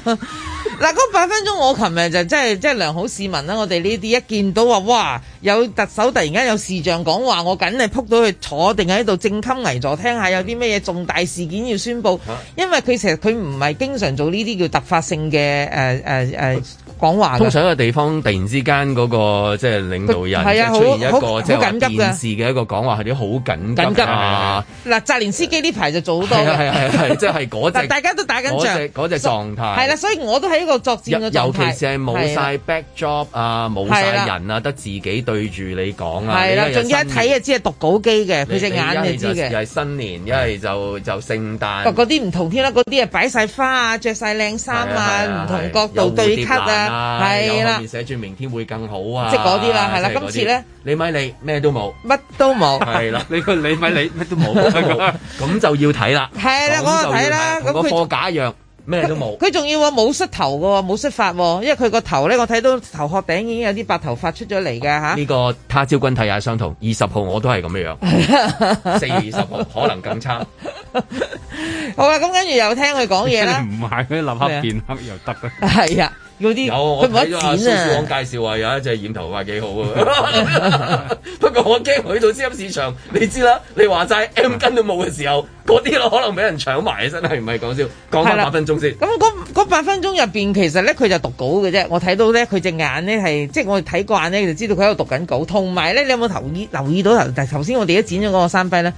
頭。嗱 [laughs] 什，嗰 [laughs] 八分鐘我琴日就真係即係良好市民啦，我哋呢啲一見到話哇。有特首突然間有視像講話，我梗係撲到去坐定喺度正襟危坐聽下，有啲咩嘢重大事件要宣布。因為佢其實佢唔係經常做呢啲叫突發性嘅誒誒誒講話。通常一個地方突然之間、那個即係、就是、領導人就出現一個，啊就是、一個好緊急事嘅一個講話，係啲好緊急啊！嗱，澤連司機呢排就做好多，係係係，即係嗰隻大家都打緊仗，嗰 [laughs] 隻、那個那個、狀態係啦，所以我都喺一個作戰嗰度，尤其是係冇晒 backdrop 啊，冇晒人啊，得自己。對住你講啊，係啦、啊，仲要一睇就知係讀稿機嘅，佢隻眼就知嘅。一係就新年，一係就就聖誕。嗰啲唔同添啦，嗰啲啊擺晒花啊，着晒靚衫啊，唔、啊啊、同角度對 cut 啊，係啦、啊。啊啊、後面寫住明天會更好啊。即嗰啲啦，係啦、啊。今次咧，你咪理咩都冇，乜都冇。係 [laughs] 啦、啊，你咪理乜都冇，咁 [laughs] 就要睇啦。係啦、啊，我睇啦，嗰佢貨架樣。咩都冇，佢仲要冇鬚頭喎，冇鬚髮，因為佢個頭咧，我睇到頭殼頂已經有啲白頭髮出咗嚟㗎。吓、啊。呢、呢個他朝君體也相同，二十號我都係咁嘅樣，四 [laughs] 月二十號可能更差。 [laughs] 好啦，咁跟住又聽佢講嘢啦，唔係佢立刻變黑、啊，立刻又得 [laughs] 有，剪、啊、有我唔咗啊，蘇少王介紹話有一隻染頭髮幾好啊。 [laughs] [laughs] 不過我驚去到超級市場，你知啦。你話齋 M 巾都冇嘅時候，嗰啲咯可能俾人搶埋，真係唔係講笑。講翻八分鐘先咁，嗰八、那個、分鐘入邊，其實咧佢就讀稿嘅啫。我睇到咧，佢隻眼咧係即係我哋睇慣咧，就知道佢喺度讀緊稿。同埋咧，你有冇留意留意到頭先我哋一剪咗嗰個 sound bite 咧？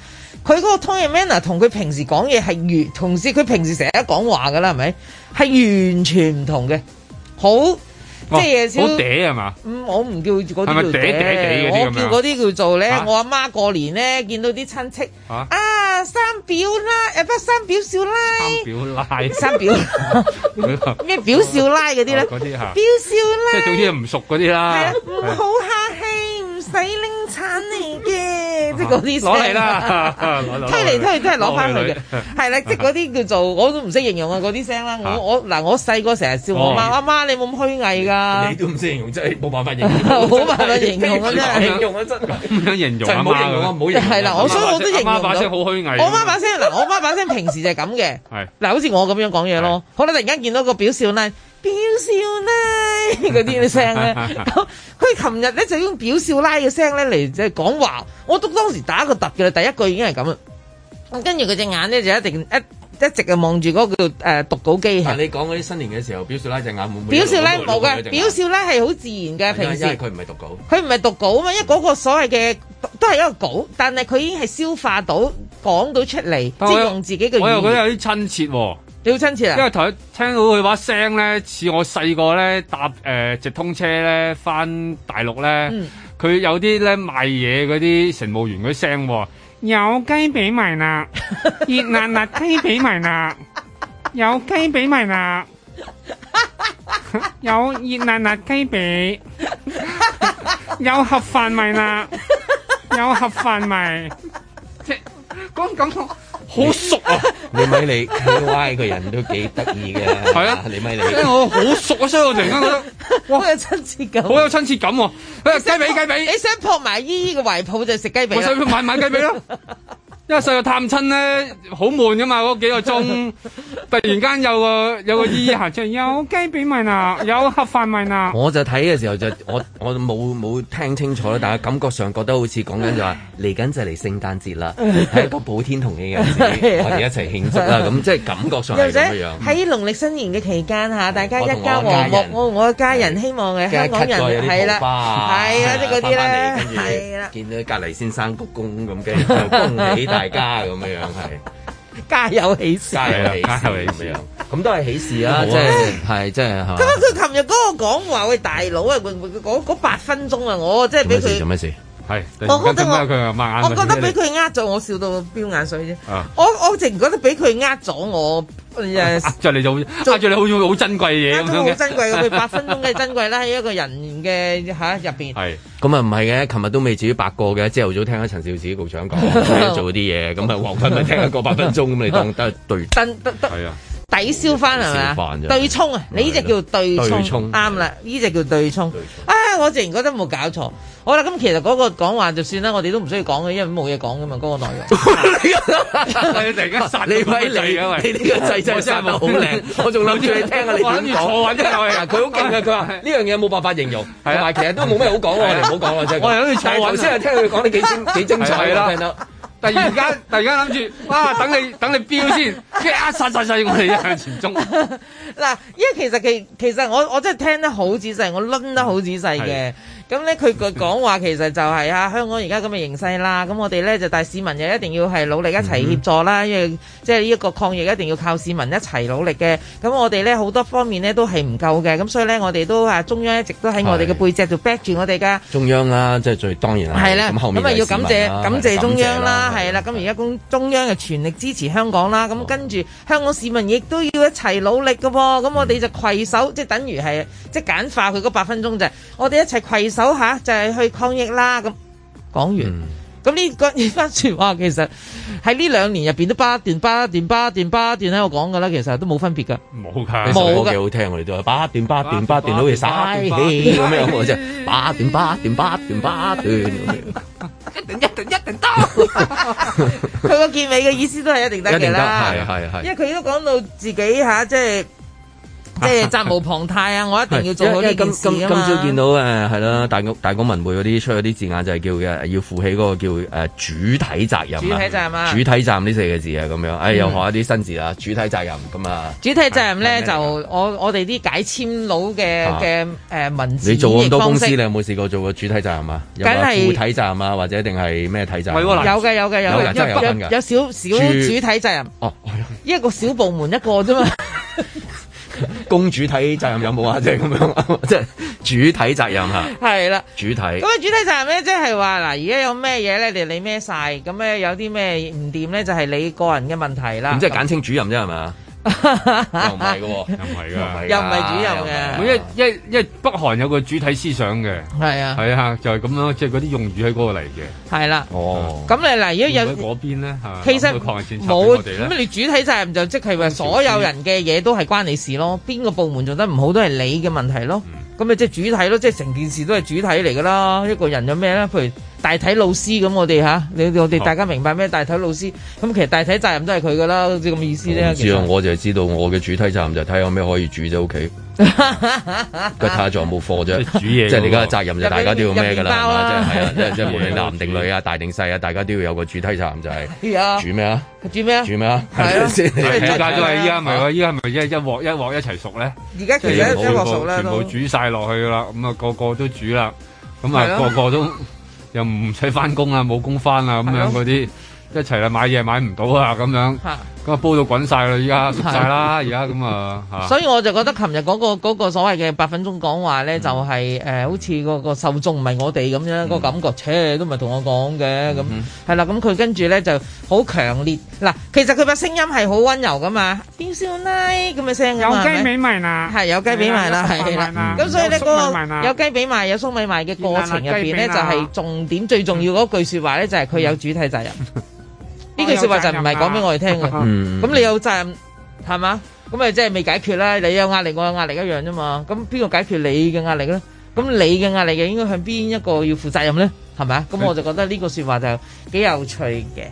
佢嗰個 tone 同 manner，同佢平時講嘢係同時佢平時成日一講話噶啦，係咪係完全唔同嘅？好，哦、即係夜宵。好嗲啊嘛？嗯，我唔叫嗰啲叫嗲是是嗲，嗲，嗲。我叫嗰啲叫做咧、啊，我阿媽過年咧見到啲親戚啊，啊，三表啦，誒不三表少奶，三表奶， [laughs] 三表咩辣 [laughs] 表少奶啲咧？啲、哦、嚇。表少奶，即係總之唔熟啲啦。係啊唔好客氣。 [laughs] 使拎產嚟嘅，即係嗰啲聲、啊、啦，啊、推嚟推，推去都係攞翻嚟嘅，係啦、啊啊啊，即係嗰啲叫做我都唔識形容啊嗰啲聲啦，我我嗱我細個成日笑、哦、我阿媽，媽，你冇咁虛偽㗎、啊，你都唔識形容真係冇辦法形容，冇辦法形容啊真係、就是、形，形容啊真係冇形容啊形容係啦，我、啊啊、所以我都形容到我媽把聲嗱我媽把聲平時就係咁嘅，嗱好似我咁樣講嘢咯，好啦突然間見到個表笑咧。表少奶嗰啲嘅聲咧，咁佢琴日咧就用表少奶嘅聲咧嚟即係講話，我讀當時打個突嘅第一句已經係咁啦，咁跟住佢隻眼咧就一定一一直就望住嗰個誒、呃、讀稿機。係你講嗰啲新年嘅時候，表少奶隻眼冇冇？表少奶？冇嘅，表少奶係好自然嘅。平時佢唔係讀稿，佢唔係讀稿啊嘛，因為嗰個所謂嘅都係一個稿，但係佢已經係消化到講到出嚟，即係用自己嘅。我又覺得有啲親切喎、哦。你好親切啊！因為頭一聽到佢把聲咧，似我細個咧搭誒直通車咧翻大陸咧，佢有啲咧賣嘢嗰啲乘務員嘅聲喎。有雞髀賣啦，熱辣辣雞髀賣啦，有雞髀賣啦，有熱辣辣雞髀，有盒飯賣啦，有盒飯賣，講講我。好熟啊！你咪你，Y 個人都幾得意嘅，係啊！你咪你，因為我好熟啊，所以我突然間覺得，哇， [laughs] 好有親切感，啊， [laughs] 好有親切感喎！誒，雞髀雞髀，你想撲埋，欸、姨姨嘅懷抱就食雞髀，我想去買買雞髀咯，啊， [laughs] 因為細個探親咧好悶噶嘛，啊，嗰幾個鐘。 [laughs] 突然間有個有個意涵，有雞餅咪啦，有盒飯咪啦。我就睇嘅時候就我我冇冇聽清楚啦，但係感覺上覺得好似講緊就話嚟緊就嚟聖誕節啦，係一個普天同慶嘅日子，我哋一齊慶祝啦。咁即係感覺上係咁樣樣。喺農曆新年嘅期間吓，大家一家和睦。我我家人，我我家人是希望係香港人係啦，係啊即嗰啲咧，係啦。見、就是、到是是隔籬先生鞠躬咁，鞭鞭鞭恭喜大家咁 [laughs] 樣樣係。皆有喜事，皆有，喜事咁 [laughs] 都係喜事啦，即係係，即係咁佢琴日嗰個講話，喂大佬啊，嗰嗰八分鐘啊，我即係俾佢咩事？係我覺得我，我覺得俾佢呃咗，我笑到飆眼水啫，啊。我我淨覺得俾佢呃咗我。誒，著嚟就好，著你好似好珍貴嘢，啱啱好珍貴佢八 [laughs] 分鐘嘅珍貴啦，喺一個人嘅嚇入邊。係、啊，咁啊唔係嘅，琴日都未至於八個嘅，朝頭早聽阿陳肇始局長講做啲嘢，咁啊黃君咪聽一個八分鐘咁 [laughs] 你當得對，對，得得得，係啊。抵消翻係咪？對沖啊！你呢隻叫對沖，啱啦，呢隻叫對沖。啊，我自然覺得冇搞錯。好啦，咁其實嗰個講話就算啦，我哋都唔需要講嘅，因為冇嘢講噶嘛，嗰、那個內容。 [laughs] [laughs] 你,的 [laughs] 你,你突然間神，你鬼嚟噶？你呢個制制真係好靚，我仲諗住你聽你你啊，你點講？我搵住我呀，佢好勁佢話呢樣嘢冇辦法形容，係、哎、其實都冇咩好講、啊，我哋唔好講啦，我又好似頭先係聽佢講啲幾幾精彩啦。啊突然間， [laughs] 突然間諗住，哇！等你 [laughs] 等你飆飄先，一、 [laughs] 啊、殺曬曬我哋一向前衝。嗱，因為其實其其實我我真係聽得好仔細，我攆得好仔細嘅。咁咧佢講話其實就係、是、啊香港而家咁嘅形勢啦，咁我哋咧就帶市民又一定要係努力一齊協助啦，mm -hmm. 因為即係呢一個抗疫一定要靠市民一齊努力嘅。咁我哋咧好多方面咧都係唔夠嘅，咁所以咧我哋都啊中央一直都喺我哋嘅背脊度 back 住我哋噶。中央啦、啊，即、就、係、是、最當然啦，係啦。咁咁啊要感謝感謝中央謝啦，係啦。咁而家公中央嘅全力支持香港啦，咁、哦、跟住香港市民亦都要一齊努力嘅。咁我哋就攜手，嗯、即係等於係即係簡化佢嗰八分鐘咋。我哋一齊攜手。手下就係去抗疫啦，咁講完，咁、嗯、呢個呢番說話其，其實喺呢兩年入邊都八段八段八段八段喺我講噶啦，其實都冇分別噶，冇噶，冇噶，幾好聽我哋都係八段八段八段，好似耍氣咁樣，即係八段八段八段八段，一定一定一定多，佢個結尾嘅意思都係一定得嘅啦，係係係，因為佢都講到自己吓，即、啊、係。就是即係責無旁貸啊，啊！我一定要做好呢件事，啊、今今朝見到誒，係、嗯、啦，大公大公文會嗰啲出嗰啲字眼就係叫嘅，要負起嗰個叫誒主體責任。主體責任啊！主體責任呢、啊、四個字啊，咁樣，嗯，哎，又學一啲新字啊。主體責任咁啊。主體責任咧就我我哋啲解簽佬嘅嘅誒文字，你做咁多公司，你有冇試過做過主體責任啊？梗係主體責任啊，或者一定係咩體責任，啊？有嘅有嘅有嘅有有有少少主體責任。哦、啊，一個小部門一個啫嘛。 [laughs] [laughs] 公主體責任有冇啊？即係咁樣，即 [laughs] 係主體責任吓，係啦主體。咁啊，主體責任咧，即係話嗱，而家有咩嘢咧，你你孭晒？咁咧有啲咩唔掂咧，就係你個人嘅問題啦。咁即係簡稱主任啫，係嘛？ [laughs] 又唔係嘅，又唔係嘅，又唔係主任嘅。唔一一一,一北韓有個主體思想嘅，係啊，係啊，就係、是、咁樣，即係嗰啲用語喺嗰度嚟嘅。係啦、啊，哦，咁、嗯、你嗱，如果有邊咧吓，其實冇咁你主體責任就即係話所有人嘅嘢都係關你事咯，邊個部門做得唔好都係你嘅問題咯。咁咪即係主體咯，即係成件事都係主體嚟噶啦。一個人有咩咧？譬如。大體老師咁我哋吓，你、啊、我哋大家明白咩？大體老師咁，其實大體責任都係佢噶啦，即係咁嘅意思咧。唔知我就係知道我嘅主體責任就睇有咩可以煮啫，屋企，跟住睇下仲有冇貨啫。 [laughs] 煮嘢，那個，即係而家責任就大家都要咩噶啦？即係係啊，即係即係無論男，男定女啊，大定細啊，大家都要有個主體責任就係。煮咩啊？煮咩啊？煮咩啊？大家都係依家咪，依家咪一一鑊一鑊一齊熟咧。而家其實一鑊全部煮晒落去噶啦，咁啊個個都煮啦，咁啊個個都。又唔使返工啊，冇工返啊，咁樣嗰啲、啊，一齊啦，買嘢買唔到啊咁樣。咁啊，煲到滾晒啦！依家出曬啦，而家咁啊，所以我就覺得琴日嗰個嗰、那個所謂嘅八分鐘講話咧、嗯，就係、是、誒、呃，好似、那個個受眾唔係我哋咁樣個感覺切、欸、都唔係同我講嘅咁。係、嗯嗯、啦，咁佢跟住咧就好強烈。嗱，其實佢把聲音係好溫柔噶嘛，點少奶咁嘅聲啊有雞畀埋啦，係有雞畀埋啦，係、嗯、啦。咁、嗯嗯、所以咧，有那個有雞畀埋有粟米賣嘅過程入邊咧，就係、是、重點、嗯、最重要嗰句説話咧，就係、是、佢有主體責任。嗯 [laughs] 呢句說話就唔係講俾我哋聽嘅，咁、 [laughs] 嗯、你有責任係嘛？咁咪即係未解決啦。你有壓力，我有壓力一樣啫嘛。咁邊個解決你嘅壓力咧？咁你嘅壓力嘅應該向邊一個要負責任咧？係咪？咁我就覺得呢個說話就幾有趣嘅。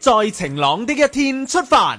在晴朗的一天出發。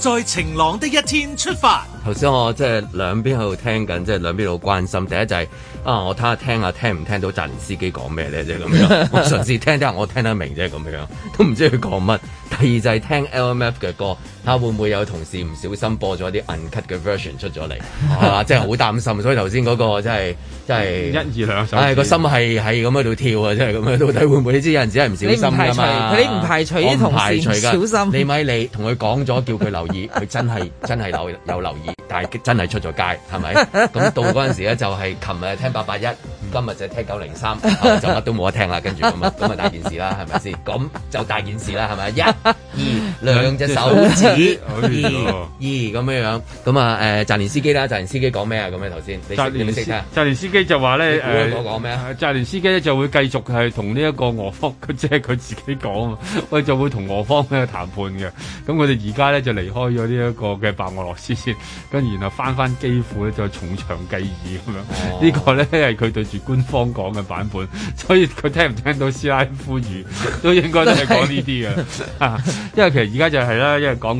在晴朗的一天出發。頭先我即係兩邊喺度聽緊，即係兩邊都好關心。第一就係啊，我睇下聽下聽唔聽到澤連斯基講咩咧，即係咁樣。 [laughs] 我嘗試聽聽，我聽得明啫，咁樣都唔知佢講乜。第二就係聽 L M F 嘅歌。睇下會唔會有同事唔小心播咗啲 uncut 嘅 version 出咗嚟、啊？ [laughs] 啊，即係好擔心，所以頭先嗰個真係、嗯、真係，一二兩、二兩隻手，唉，個心係係咁喺度跳啊！真係咁樣到底會唔會？有人只係唔小心㗎嘛、啊？你唔排除，唔排除啲同事唔小心，唔排除唔小心？你咪你同佢講咗，叫佢留意，佢 [laughs] 真係真係留有，有留意，但係真係出咗街，係咪？咁到嗰陣時咧，就係琴日聽八八一，今日就聽九零三，就乜都冇得聽啦。跟住咁啊，咁啊大件事啦，係咪先？咁就大件事啦，係咪？一、二兩隻手 [laughs] 咦咦咦，咁樣樣咁啊，誒澤連斯基啦，澤連斯基講咩啊？咁樣頭先你識唔識啊？澤連斯，斯基就話咧誒，我講咩啊？澤連斯基咧就會繼續係同呢一個俄方，即係佢自己講啊，喂，就會同俄方咧談判嘅。咁佢哋而家咧就離開咗呢一個嘅白俄羅斯先，跟然後翻翻基輔咧就從長計議咁樣。哦，這個，呢個咧係佢對住官方講嘅版本，所以佢聽唔聽到斯拉夫語都應該都係講呢啲嘅。因為其實而家就係、是、啦，因為講。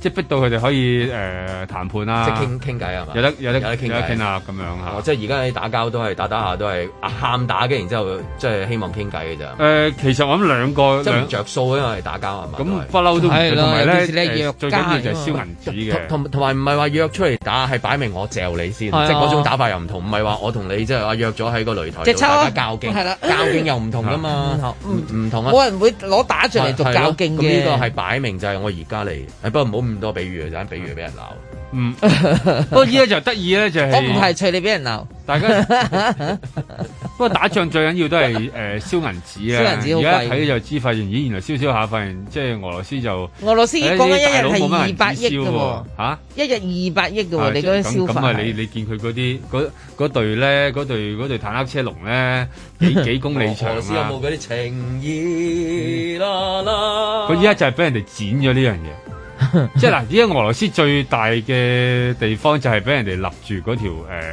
即係逼到佢哋可以誒、呃、談判啦、啊，即係傾傾偈係嘛？有得有得有得傾啊，咁樣嚇！即係而家啲打交都係打打下都係喊打嘅，然之後即係希望傾偈嘅啫。誒、呃，其實我諗兩個唔著數是是、嗯，因為打交啊嘛，咁不嬲都唔同。同埋最緊要就係燒銀紙嘅，同同埋唔係話約出嚟打係擺明我嚼你先，啊、即係嗰種打法又唔同，唔係話我同你即係話約咗喺個擂台，即大家較勁，係、嗯、啦，較、啊、勁又唔同噶嘛，唔同啊！冇、嗯、人會攞打仗嚟做較勁嘅。呢、啊啊、個係擺明就係我而家嚟，不過唔好。咁多比喻啊，就比喻俾人鬧。嗯，嗯 [laughs] 現在就是、不過呢家就得意咧就係我唔係隨你俾人鬧。大家 [laughs] [laughs] 不過打仗最緊要都係誒燒銀紙啊！而家睇就知，發現咦，原來燒燒下，發現即係俄羅斯就俄羅斯講一日係二百億喎。吓、啊啊，一日二百億嘅喎，你嗰啲消費。咁啊！你你見佢嗰啲隊咧，嗰隊坦克車龍咧，幾幾公里長、啊。俄羅斯有冇嗰啲情意？啦？佢、嗯、依家就係俾人哋剪咗呢樣嘢。 [laughs] 即係嗱，依家俄羅斯最大嘅地方就係俾人哋立住嗰條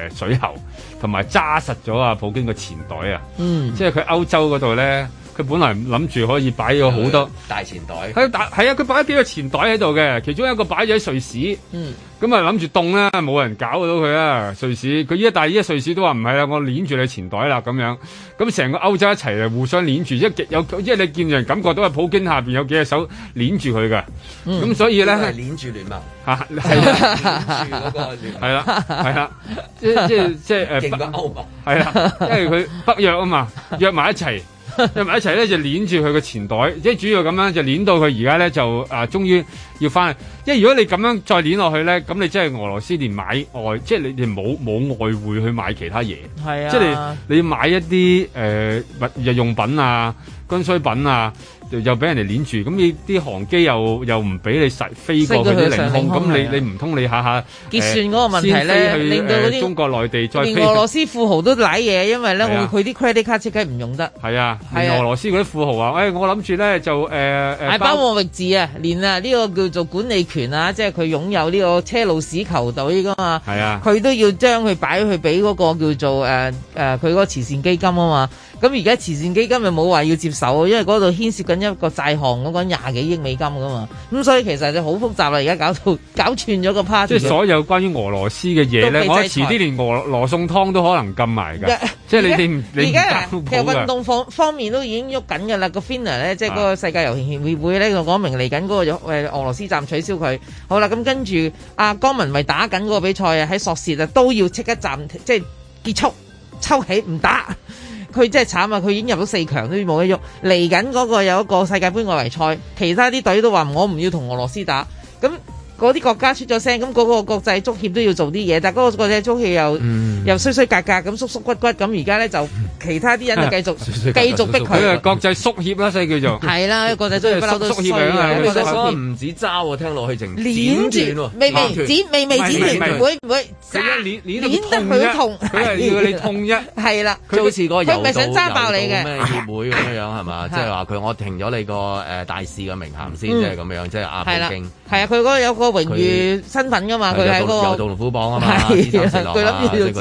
誒水喉，同埋揸實咗阿普京個錢袋啊！嗯，即係佢歐洲嗰度咧，佢本來諗住可以擺咗好多、嗯、大錢袋。佢打係啊，佢擺咗幾個錢袋喺度嘅，其中一個擺咗喺瑞士。嗯。咁啊諗住凍咧，冇人搞到佢啦！瑞士，佢依家但係依家瑞士都話唔係啦，我捻住你錢袋啦咁樣。咁成個歐洲一齊啊，互相捻住，即係極有即係你見到人感覺到啊，普京下邊有幾隻手捻住佢噶。咁、嗯、所以咧，係捻住聯盟吓，係、啊、啦，係啦、啊，係 [laughs] 啦、啊，即係即係即係誒，英國係啦，因為佢北約啊嘛，約埋一齊， [laughs] 約埋一齊咧就捻住佢個錢袋，即係主要咁樣就捻到佢而家咧就啊，終於。要翻，因為如果你咁樣再攣落去咧，咁你即係俄羅斯連買外，即係你哋冇冇外匯去買其他嘢，係啊，即係你你買一啲誒物日用品啊、軍需品啊，呃、又俾人哋攣住，咁你啲航機又又唔俾你實飛過佢啲領、領空，咁你你唔通你下下結算嗰問題咧、呃，令到啲中國內地再，連俄羅斯富豪都瀨嘢，因為咧佢啲 credit card 設計唔用得，係啊，啊，連俄羅斯嗰啲富豪、哎呃、啊，誒我諗住咧就誒，誒，包我域字啊，連啊呢、這個。叫。叫做管理權啊，即係佢擁有呢個車路士球隊噶嘛，係啊，佢都要將佢擺去俾嗰個叫做誒誒，佢嗰個慈善基金啊嘛。咁而家慈善基金又冇話要接手，因為嗰度牽涉緊一個債項，我講廿幾億美金噶嘛，咁所以其實就好複雜啦。而家搞到搞串咗個 part。即係所有關於俄羅斯嘅嘢咧，我遲啲連俄羅宋湯都可能禁埋噶。即係你哋，你而家其實運動方方面都已經喐緊噶啦。個 FINA 咧，即係嗰個世界游泳協會咧，就講明嚟緊嗰個俄誒俄羅斯站取消佢。好啦，咁跟住阿江文咪打緊嗰個比賽啊，喺索士就都要即刻暫停，即係結束抽起唔打。佢真係慘啊！佢已經入到四強都冇得喐，嚟緊嗰個有一個世界盃外圍賽，其他啲隊都話我唔要同俄羅斯打，咁。嗰啲國家出咗聲，咁嗰個國際足協都要做啲嘢，但嗰個國際足協又又衰衰格格咁縮縮骨骨，咁而家咧就其他啲人就繼續繼續逼佢。佢係國際縮協啦，所以叫做。係啦，國際足協縮縮協啊！國際足協唔止揸喎，聽落去成剪住喎，微微剪微微剪住會唔會揸？剪得佢痛，佢係要你痛一。係啦，做個試過有。佢咪想揸爆你嘅？會咁樣係嘛？即係話佢我停咗你個誒大使嘅名銜先，即係咁樣，即係亞運。係啦。係啊，佢嗰個有個。榮譽身份噶、那個、嘛，佢係嗰個龍虎榜啊嘛，佢諗要做資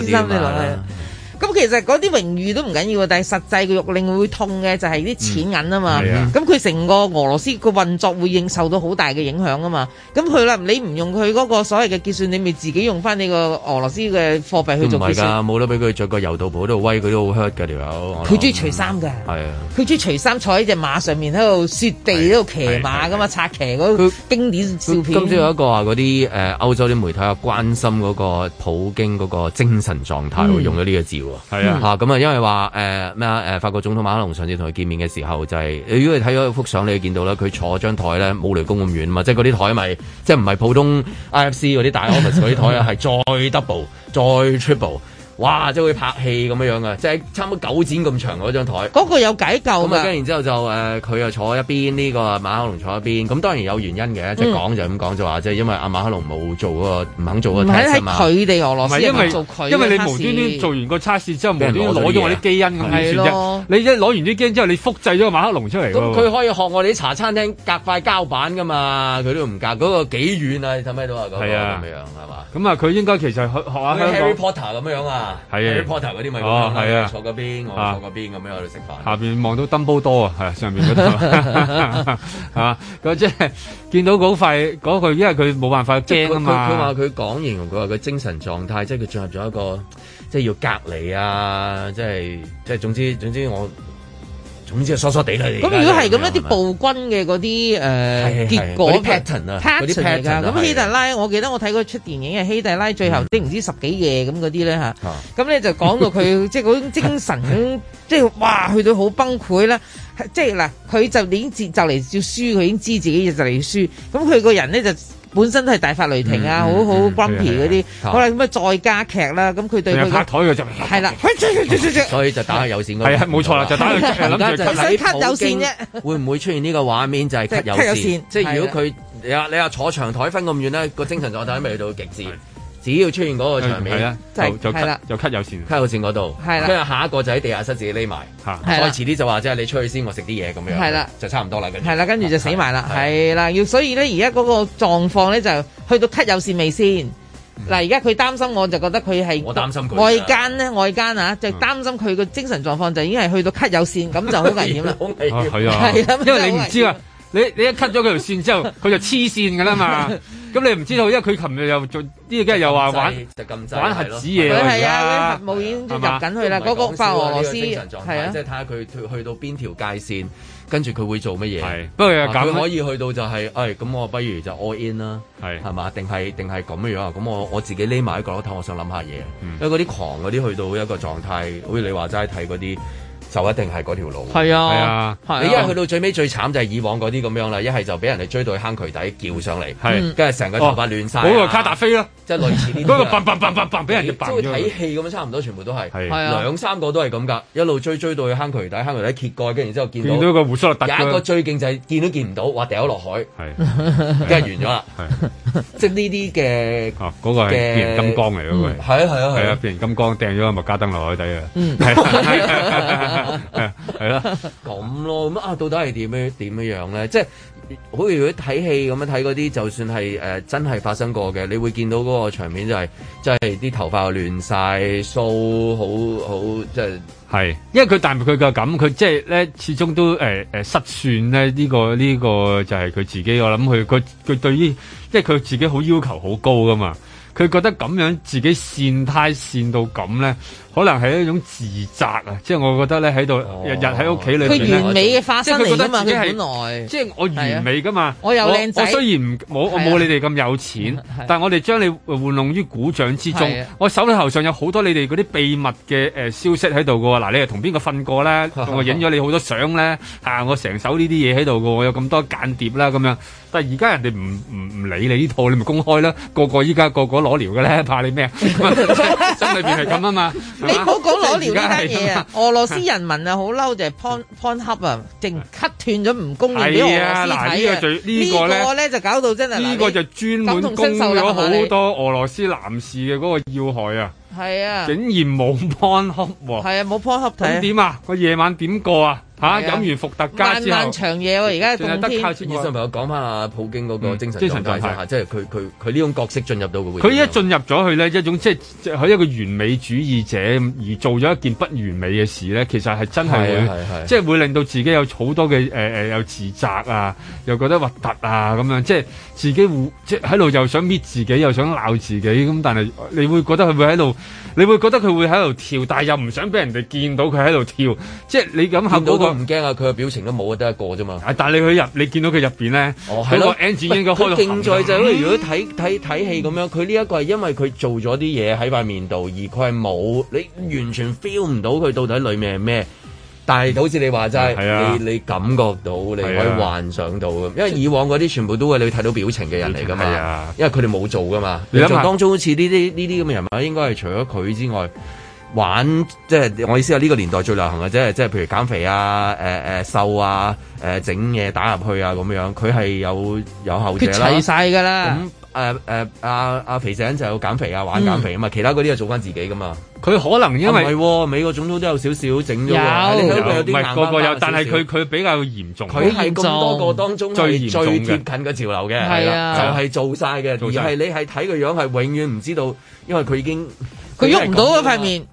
深啲落去。咁其實嗰啲榮譽都唔緊要，但係實際個肉令會痛嘅就係啲錢銀啊嘛。咁佢成個俄羅斯個運作會應受到好大嘅影響啊嘛。咁佢啦，你唔用佢嗰個所謂嘅結算，你咪自己用翻你個俄羅斯嘅貨幣去做結算。唔係㗎，冇得俾佢着個柔道袍喺度威，佢都好 hurt 㗎條友。佢中意除衫㗎，係、嗯、啊！佢中意除衫坐喺隻馬上面喺度雪地喺度騎馬㗎嘛，策騎嗰個經典照片。今朝有一個話嗰啲誒歐洲啲媒體啊，關心嗰個普京嗰個精神狀態喎、嗯，用咗呢個字喎。係啊，吓咁啊，因為話誒咩啊，誒法國總統馬克龍上次同佢見面嘅時候，就係、是、如果你睇咗一幅相，你見到呢，佢坐張台咧冇雷公咁遠啊嘛，即係嗰啲台咪即係唔係普通 IFC 嗰啲大 office 嗰啲台啊，係 [laughs] 再 double 再 triple 哇！即係會拍戲咁樣樣即係差唔多九展咁長嗰張台。嗰、那個有解救啊嘛？咁啊，跟然之後就誒，佢、呃、又坐一邊，呢、這個馬克龍坐一邊。咁當然有原因嘅、嗯，即係講就咁講就話係因為阿馬克龍冇做嗰個，唔肯做嗰。唔係佢哋俄羅斯嚟做佢，因為你無端端做完個測試之後，無端端攞咗我啲基因咁樣、啊。你一攞完啲基因之後，你複製咗個馬克龍出嚟。佢可以學我哋啲茶餐廳隔塊膠板噶嘛？佢都唔隔嗰個幾遠啊？你睇咩都係咁樣係嘛？咁、那個、啊，佢應該其實學下香港 Harry Potter 咁樣啊？係啊，啲鋪頭嗰啲咪哦，係啊，坐嗰邊，我坐嗰邊咁樣喺度食飯，下邊望到燈泡多啊，係 [laughs] 上邊嗰度啊，咁即係見到嗰塊嗰句，因為佢冇辦法驚啊嘛。佢話佢講形容佢話佢精神狀態，即係佢進入咗一個，即係要隔離啊，即係即係總之總之我。咁即係傻傻地啦！咁如果係咁一啲暴君嘅嗰啲誒結果 pattern 啊，pattern 嚟㗎。咁希特拉，我記得我睇過出電影啊，希特拉最後都唔、嗯、知十幾夜咁嗰啲咧嚇。咁咧就講到佢即係嗰種精神，即 [laughs] 係、就是、哇去到好崩潰啦。即係嗱，佢就已經知就嚟要輸，佢已經知自己就嚟要輸。咁佢個人咧就～本身都係大發雷霆啊，好好 grumpy 嗰啲，可能咁啊再加劇啦，咁佢對佢拍台嘅就係啦， [laughs] 是的 [laughs] 所以就打下有線嗰係冇錯啦，就打去。而家就睇有線啫，會唔會出現呢個畫面就係有，有線？即係如果佢你話你話坐長台分咁遠咧，個 [laughs] 精神狀態咪到極致。只要出現嗰個場面，就就咳，就咳有線，咳有線嗰度。跟住下一個就喺地下室自己匿埋。再、啊、遲啲就話即係你出去先，我食啲嘢咁樣。係啦，就差唔多啦，跟住。係啦，跟住就死埋啦。係啦，要所以咧，而家嗰個狀況咧就去到咳有線未先。嗱、嗯，而家佢擔心我就覺得佢係我擔心外間咧，外間啊，就擔心佢個精神狀況就已經係去到咳有線，咁、嗯、就好危險啦。係 [laughs] 啊，因為你唔知啊。 [laughs] 你你一 cut 咗佢條線之後，佢就黐線噶啦嘛。咁 [laughs] 你唔知道，因為佢琴日又做呢幾日又話玩玩核子嘢，係啊，已經入緊去啦。嗰個白俄羅斯係即係睇下佢去到邊條界線，跟住佢會做乜嘢。不過佢可以去到就係、是，誒咁、哎、我不如就 all in 啦，係咪？嘛？定係定係咁樣？咁我我自己匿埋一個角落頭，我想諗下嘢、嗯。因為嗰啲狂嗰啲去到一個狀態，好似你話齋睇嗰啲。就一定係嗰條路。係啊，係啊，你一去到最尾最慘就係以往嗰啲咁樣啦，一、哦、係就俾人哋追到去坑渠底，叫上嚟，跟住成個頭髮亂晒。嗰、哦嗰個卡達菲啦，即係類似呢啲。嗰、嗰個嘣嘣嘣嘣嘣，俾人哋嘣咗。即係睇戲咁樣，差唔多全部都係。係兩三個都係咁㗎，一路追追到去坑渠底，坑渠底揭蓋，跟住然之後見到。見到個鬍鬚突。有一個最勁就係見都見唔到，話掉咗落海，跟住完咗啦。即係呢啲嘅。哦、啊，嗰、嗰個係、嗯嗰個、變形金剛嚟嗰個。係變形金剛掟咗個麥加登落海底啊。嗯 [laughs] [laughs] [laughs] 係 [laughs] 啦，咁對 [laughs] 咯，咁啊，到底係點樣點樣樣咧？即係好似如果睇戲咁樣睇嗰啲，就算係誒、呃、真係發生過嘅，你會見到嗰個場面就係即係啲頭髮亂晒，梳好好即係係，因為佢但係佢就咁，佢即係咧始終都誒誒、呃呃、失算咧、呢、呢個呢、呢個就係佢自己。我諗佢佢佢對於，即係佢自己好要求好高噶嘛，佢覺得咁樣自己跣胎跣到咁咧。可能係一種自責啊！即係我覺得咧，喺、哦、度日日喺屋企裏邊佢完美嘅化身嚟啊嘛！佢好耐，即係我完美噶嘛、啊！我有靚仔我，我雖然唔冇，我冇、啊、你哋咁有錢，啊啊、但係我哋將你玩弄於股掌之中。啊、我手頭上有好多你哋嗰啲秘密嘅誒消息喺度噶喎！嗱、啊，你係同邊個瞓過咧、啊啊啊啊？我影咗你好多相咧嚇！我成手呢啲嘢喺度噶我有咁多間諜啦咁樣，但係而家人哋唔唔唔理你呢套，你咪公開啦！個個依家個個攞料嘅咧，怕你咩 [laughs] 心裏邊係咁啊嘛～ [laughs] [laughs] 你唔好講裸聊呢單嘢啊！俄羅斯人民啊，好嬲就係 Pornhub cut 啊，淨 cut 斷咗唔供應俾俄羅斯睇啊！呢個咧就搞到真係，呢個就專門攻咗好多俄羅斯男士嘅嗰個要害啊！係啊，竟然冇 Pornhub 喎！係啊，冇 Pornhub 睇啊！點啊？個夜晚點過啊？嚇、啊！飲完伏特加之後，漫漫長夜喎、啊，而家凍天，得靠醫生朋友講翻阿普京嗰個精神狀態，係、嗯、即係佢佢佢呢種角色進入到嘅會。佢一進入咗去咧，一種即係佢一個完美主義者而做咗一件不完美嘅事咧，其實係真係會，是是是是即係會令到自己有好多嘅誒誒，又、呃、自責啊，又覺得核突啊咁樣，即係。自己會即係喺度又想搣自己又想鬧自己咁，但係你會覺得佢會喺度，你會覺得佢會喺度跳，但係又唔想俾人哋見到佢喺度跳，即係你咁合到佢唔驚啊，佢嘅表情都冇得一個啫嘛、啊。但係你去入你見到佢入邊咧，哦，係咯，個 N 字應該開到。正在就係、是、如果睇睇睇戲咁樣，佢呢一個係因為佢做咗啲嘢喺塊面度，而佢係冇你完全 feel 唔到佢到底裏面係咩。但係好似你話齋、啊，你你感覺到，你可以幻想到咁、啊，因為以往嗰啲全部都係你睇到表情嘅人嚟㗎嘛，因為佢哋冇做㗎嘛。你諗下當中好似呢啲呢啲咁嘅人物，應該係除咗佢之外，玩即係、就是、我意思係呢個年代最流行嘅啫，即、就、係、是、譬如減肥啊、誒、呃、誒、呃、瘦啊、誒整嘢打入去啊咁樣，佢係有有後者啦。缺齊曬㗎啦。誒、啊、誒，阿、啊、阿、啊啊啊、肥仔就有減肥啊，玩減肥啊嘛、嗯，其他嗰啲啊做翻自己噶嘛。佢可能因為美國總統都有少少整咗，唔係個個有，但係佢佢比較嚴重。佢係咁多個當中最、啊、最貼近嘅潮流嘅，係啦、啊啊，就係、是、做晒嘅。而係你係睇個樣係永遠唔知道，因為佢已經佢喐唔到嗰塊面。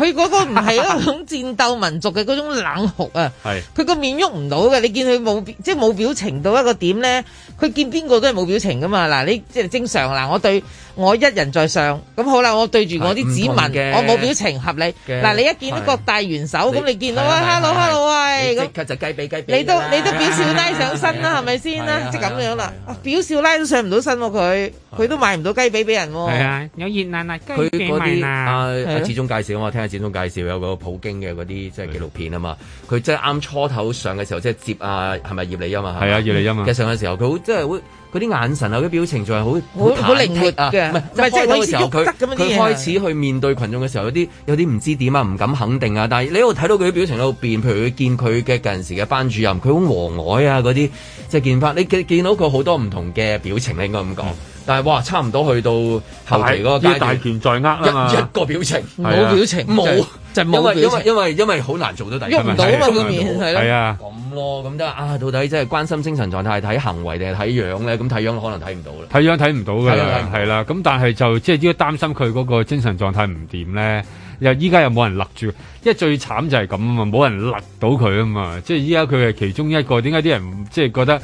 佢嗰個唔係一種戰鬥民族嘅嗰種冷酷啊！佢個面喐唔到嘅，你見佢冇即係冇表情到一個點咧？佢見邊個都係冇表情噶嘛？嗱，你即係正常嗱，我對我一人在上咁好啦，我對住我啲子民，我冇表情合理。嗱，你一見到個大元首咁，你見到喂，hello hello 喂咁，其實雞髀雞髀，你都你都表少奶上身啦，係咪先啦？即係咁樣啦，表少奶都上唔到身喎，佢佢都買唔到雞髀俾人喎。係啊，有熱辣辣雞髀賣啊，係始終介紹我聽。展中介紹有個普京嘅嗰啲即係紀錄片啊嘛，佢即係啱初頭上嘅時候，即係接啊，係咪葉利欽啊？係啊，葉利欽啊！嗯、上嘅時候，佢好即係好嗰啲眼神的啊，嗰啲表情仲係好好靈活啊。唔係，即係嗰時候佢佢開始去面對群眾嘅時候，有啲有啲唔知點啊，唔敢肯定啊。但係你度睇到佢啲表情喺度變，譬如佢見佢嘅近時嘅班主任，佢好和藹啊嗰啲，即係、就是、見翻你見到佢好多唔同嘅表情，你應該咁講？嗯但係哇，差唔多去到後期嗰階段，大權在握啦，一個表情冇表情冇，就冇、是。因為、就是、因為因為好難做到第一。因為到啊個面係啦。係啊，咁咯，咁即係啊，到底即係關心精神狀態睇行為定係睇樣咧？咁睇樣可能睇唔到啦。睇樣睇唔到㗎啦，係啦。咁但係就即係只要擔心佢嗰個精神狀態唔掂咧，又依家又冇人勒住，因為最慘就係咁啊嘛，冇人勒到佢啊嘛。即係依家佢係其中一個，點解啲人即係覺得？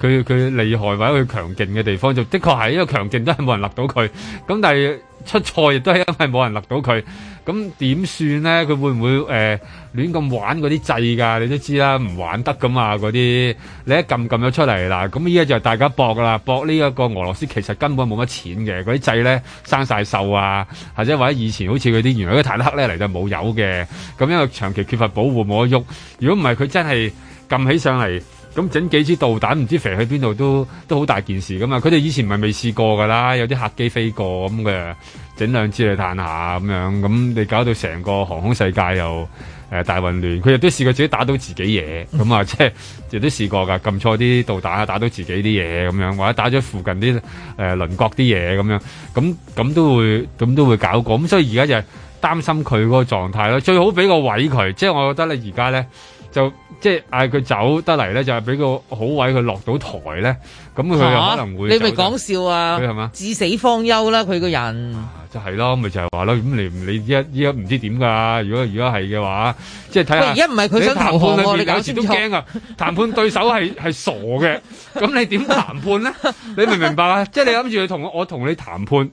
佢佢厲害或者佢強勁嘅地方，就的確係因為強勁都係冇人立到佢。咁但係出錯亦都係因為冇人立到佢。咁點算咧？佢會唔會誒亂咁玩嗰啲掣㗎？你都知啦，唔玩得㗎嘛嗰啲。你一撳撳咗出嚟啦，咁依家就大家搏㗎啦。搏呢一個俄羅斯其實根本冇乜錢嘅，嗰啲掣咧生曬鏽啊，或者或者以前好似佢啲原來啲坦克咧嚟就冇油嘅。咁因為長期缺乏保護冇得喐。如果唔係佢真係撳起上嚟。咁整幾支導彈唔知飛去邊度都都好大件事噶嘛？佢哋以前唔係未試過㗎啦，有啲客機飛過咁嘅，整兩支去探下咁樣，咁你搞到成個航空世界又、呃、大混亂。佢亦都試過自己打到自己嘢，咁啊即係亦都試過㗎，撳錯啲導彈啊，打到自己啲嘢咁樣，或者打咗附近啲誒、呃、鄰國啲嘢咁樣，咁咁都會咁都會搞過。咁所以而家就係擔心佢嗰個狀態囉，最好俾個位佢，即係我覺得你而家咧就。即係嗌佢走得嚟咧，就係俾個好位佢落到台咧，咁佢又可能會、啊、你咪講笑啊？佢係嘛？至死方休啦！佢個人、啊、就係、是、咯，咪就係話咯。咁你你依家依家唔知點噶？如果如果係嘅話，即係睇下。而家唔係佢想談判，你有時都驚啊！談判對手係係傻嘅，咁你點談判咧？ [laughs] 你明唔明白啊？即係你諗住同我同你談判。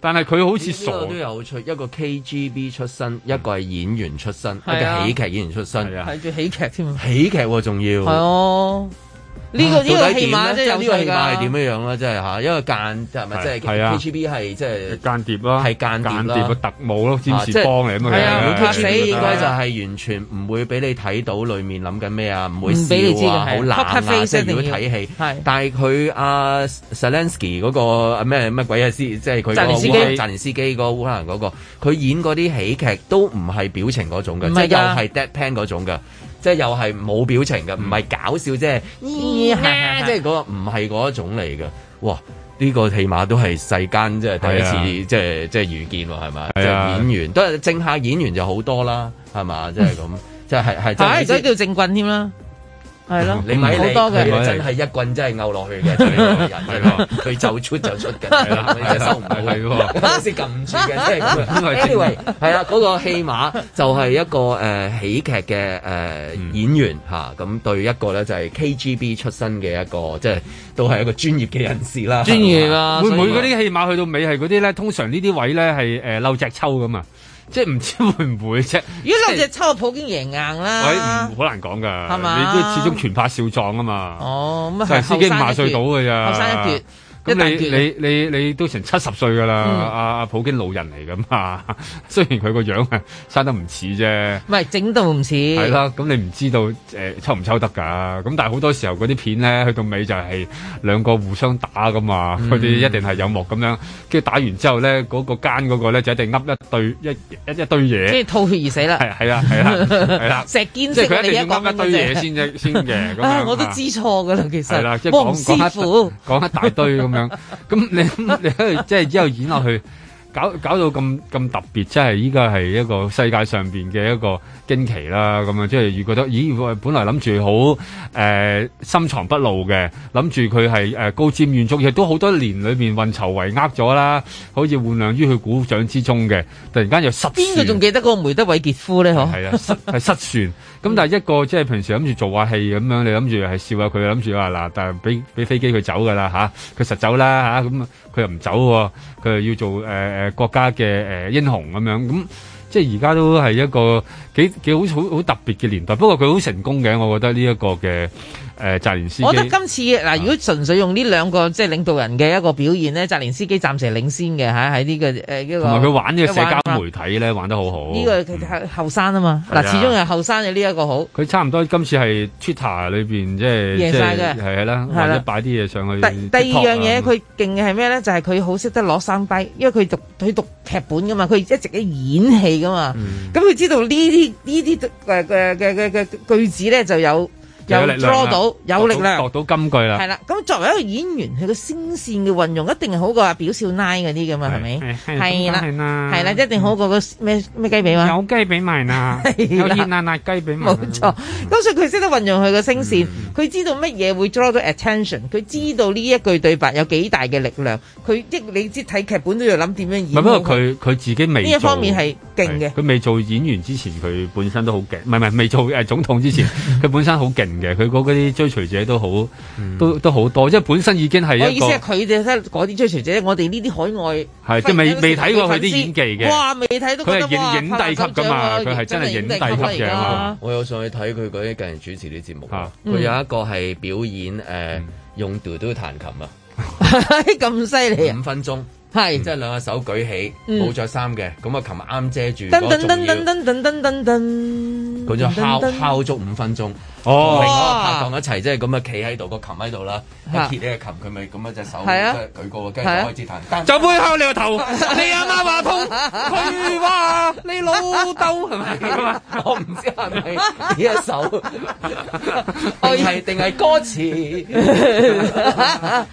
但係佢好似傻，都、這個、有出一個 KGB 出身，嗯、一個係演員出身，嗯、一個喜劇演員出身，係做、啊、喜劇添，喜劇仲要。啊、呢個呢個戲碼即係有啲戲碼係點樣樣啦，即係因為間係咪即係 h b p 係即係間諜咯，係間諜咯，諜特務咯，即係幫你咁樣。係啊 face 應該就係完全唔會俾你睇到裏面諗緊咩啊，唔、啊、會。唔俾你知嘅，好冷啊，啊，啊！即係如果睇戲，但係佢阿 Zelensky 嗰個咩咩、啊、鬼啊司，即係佢個個俄羅斯嗰個烏克蘭嗰、嗰個，佢演嗰啲喜劇都唔係表情嗰種嘅、啊，即係又係 deadpan 嗰種嘅。即係又係冇表情嘅，唔係搞笑啫，咿、嗯、哈即係嗰唔係嗰一種嚟嘅。哇！呢、呢個起碼都係世間即係第一次，即係即係遇見喎，係嘛？即係、啊、演員都正下演，演員就好多啦，係 [laughs] 嘛？即係咁，即係係係，所以、啊就是、叫正棍添啦。係咯、 [music] 嗯，你多，你，真係一棍真係勾落去嘅，就係人，佢就出就出嘅， [laughs] 是的 [laughs] 你收唔埋係喎，好似撳唔住嘅。即係咁 w a 係啦，嗰、anyway, [laughs] 那個戲碼就係一個誒、呃、喜劇嘅誒、呃、演員嚇，咁、嗯啊、對一個咧就係 KGB 出身嘅一個，即係都係一個專業嘅人士啦、嗯。專業啦、啊，會唔會嗰啲戲碼去到尾係嗰啲咧？通常呢啲位咧係誒漏只抽咁啊？呃即係唔知會唔會啫？如果六隻抽，普京贏硬啦。喂，好難講㗎係嘛，你都始終拳怕少壯啊嘛。哦，就係司機五十歲到㗎咋，後生一橛。你你你你都成七十歲㗎啦，阿、嗯、阿普京老人嚟㗎嘛。雖然佢個樣啊生得唔似啫，唔係整到唔似。係啦，咁你唔知道誒、呃、抽唔抽得㗎？咁但係好多時候嗰啲片咧，去到尾就係兩個互相打㗎嘛。佢、嗯、哋一定係有幕咁樣，跟住打完之後咧，嗰、嗰個奸嗰個咧就一定噏一,一,一,一堆一一一堆嘢，跟住吐血而死啦。係啦係啊係啊！ [laughs] 石堅一定要噏一堆嘢先先嘅。才 [laughs] 啊，我都知錯㗎啦，其實。係啦，即係講講一講一大堆咁 [laughs] 咁 [laughs] 你你喺即係之後演落去，搞搞到咁咁特別，即係依家係一個世界上邊嘅一個驚奇啦。咁啊，即係越覺得咦，本來諗住好誒，深、呃、藏不露嘅，諗住佢係誒高瞻遠矚，亦都好多年裏面運籌帷幄咗啦，好似換量於佢股掌之中嘅，突然間又失算，邊個仲記得嗰個梅德韋傑夫咧？嗬，係啊，係失算。 [laughs] 咁但係一個即係平時諗住做下戲咁樣，你諗住係笑下佢，諗住話嗱，但係俾俾飛機佢走噶啦吓，佢實走啦吓，咁佢又唔走喎，佢係要做誒誒國家嘅誒英雄咁樣，咁即係而家都係一個幾幾好好好特別嘅年代，不過佢好成功嘅，我覺得呢一個嘅。誒、呃，澤連斯基我覺得今次嗱、啊，如果純粹用呢兩個即係、就是、領導人嘅一個表現咧，澤、啊、連斯基暫時領先嘅吓，喺、啊、呢、這個誒、啊、一個佢玩呢個社交媒體咧，玩得好好。呢、這個佢後生啊嘛，嗱、啊，始終係後生嘅呢一個好。佢差唔多今次係 Twitter 裏邊即係贏晒嘅係啦，或者擺啲嘢上去、啊。第二樣嘢佢勁嘅係咩咧？就係佢好識得攞生輝，因為佢讀佢讀劇本噶嘛，佢一直喺演戲噶嘛，咁、嗯、佢知道呢啲呢啲誒誒誒誒句子咧就有。有力 draw 到，有力量，讀到，到金句啦。係啦，咁作為一個演員，佢個聲線嘅運用一定係好過表少奶嗰啲噶嘛，係咪？係啦，係啦，一定好過個咩咩雞髀嘛。有雞髀賣嗱，有熱、啊、辣辣雞髀賣。冇錯，咁、嗯、所以佢識得運用佢個聲線，佢、嗯、知道乜嘢會 draw 到 attention，佢、嗯、知道呢一句對白有幾大嘅力量。佢、嗯、即你知睇劇本都要諗點樣演。不過佢佢自己未呢一方面係勁嘅。佢未做演員之前，佢本身都好勁，唔係唔係，未做誒、呃、總統之前，佢本身好勁。 [laughs] [laughs] 其實佢嗰啲追隨者都好，嗯、都都好多，即係本身已經係。我、哦、意思係佢哋嗰啲追隨者，我哋呢啲海外係即未未睇過佢啲演技嘅。哇，未睇都。佢係影、哦、影帝級噶嘛，佢係真係影帝級嘅、啊。我有上去睇佢嗰啲近年主持啲節目，佢、啊嗯、有一個係表演誒、呃嗯、用 do do 彈琴啊，咁犀利，五分鐘係、嗯嗯，即係兩個手舉起，冇着衫嘅，咁啊琴日啱遮住。佢就敲敲足五分鐘，哦，一個拍檔一齊即係咁啊，企喺度個琴喺度啦，一揭呢個琴佢咪咁樣隻手即係舉高，跟住開始彈，就背敲你個頭， [laughs] 你阿媽話痛，佢話你老竇係咪？是不是 [laughs] 我唔知係咪呢一首，係定係歌詞，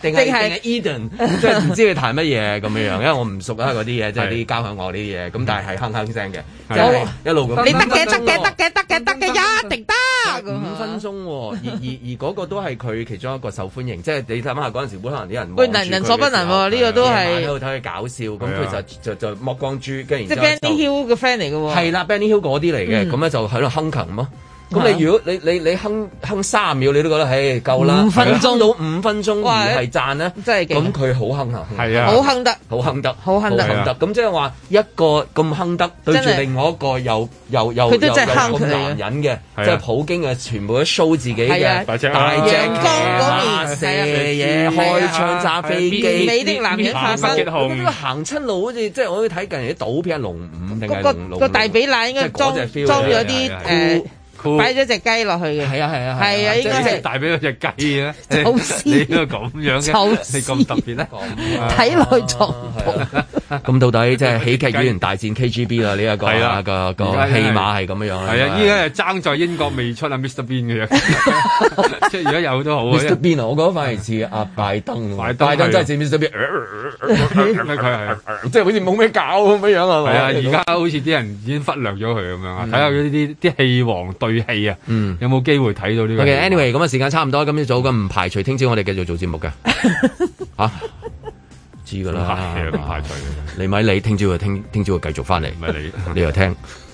定係定係 Eden，即係唔知佢彈乜嘢咁樣樣，因為我唔熟啊嗰啲嘢，即係啲交響樂呢啲嘢，咁但係係哼哼聲嘅，啊就是、一路一路咁，你懂得嘅，得嘅，得嘅，得。一定得 [laughs] 五分鐘、哦、而而而嗰個都係佢其中一個受歡迎， [laughs] 即係你睇下嗰陣時，可能啲人會能人所不能、啊，呢、這個都係喺度睇佢搞笑，咁、嗯、佢就就就剝光豬，跟住然即 Benny Hill 嘅 friend 嚟嘅，係啦，Benny Hill 嗰啲嚟嘅，咁、嗯、咧就喺度哼琴咯。咁你如果你你你哼哼三十秒，你都覺得唉夠啦，五分鐘到五分鐘而係賺啦，真係咁佢好哼啊，係啊，好哼得，好、啊、哼得，好哼得，好哼得，咁即係話一個咁哼得對住另外一個又又又又咁男人嘅，即係、就是、普京嘅、啊、全部都 show 自己嘅、啊，大隻騎馬，射嘢、啊，開槍炸、啊、飛機，美的男人化身，咁啊行親路好似即係我要睇近嚟啲賭片龍五定係龍五，個大肶乸應該裝裝咗啲誒。擺咗隻雞落去嘅，係啊係啊係啊，即係大俾咗隻雞好 [laughs] 你點解咁樣嘅？你咁特別咧？睇 [laughs] 來狀況、啊。 [laughs] [laughs] 咁到底即係喜劇演員大戰 KGB 啦？呢、這、一個、啊、個、啊、個戲碼係咁樣。係啊，依家係爭在英國未出啊 [laughs] ，Mr Bean 嘅。即係而家有都好，Mr Bean [laughs] 我覺得反而似阿拜登，拜登真係似 Mr Bean，即係好似冇咩搞咁樣啊。係 [laughs] 啊，而、啊啊、家好似啲人已經忽略咗佢咁樣睇下呢啲啲戲王對戲、嗯 okay, anyway, [laughs] 啊，有冇機會睇到呢？Anyway，咁啊，時間差唔多，咁早咁唔排除聽朝我哋繼續做節目嘅。吓。知噶啦、啊，你咪你，就聽朝又聽聽朝又繼續翻嚟，咪你，你又聽。 [laughs]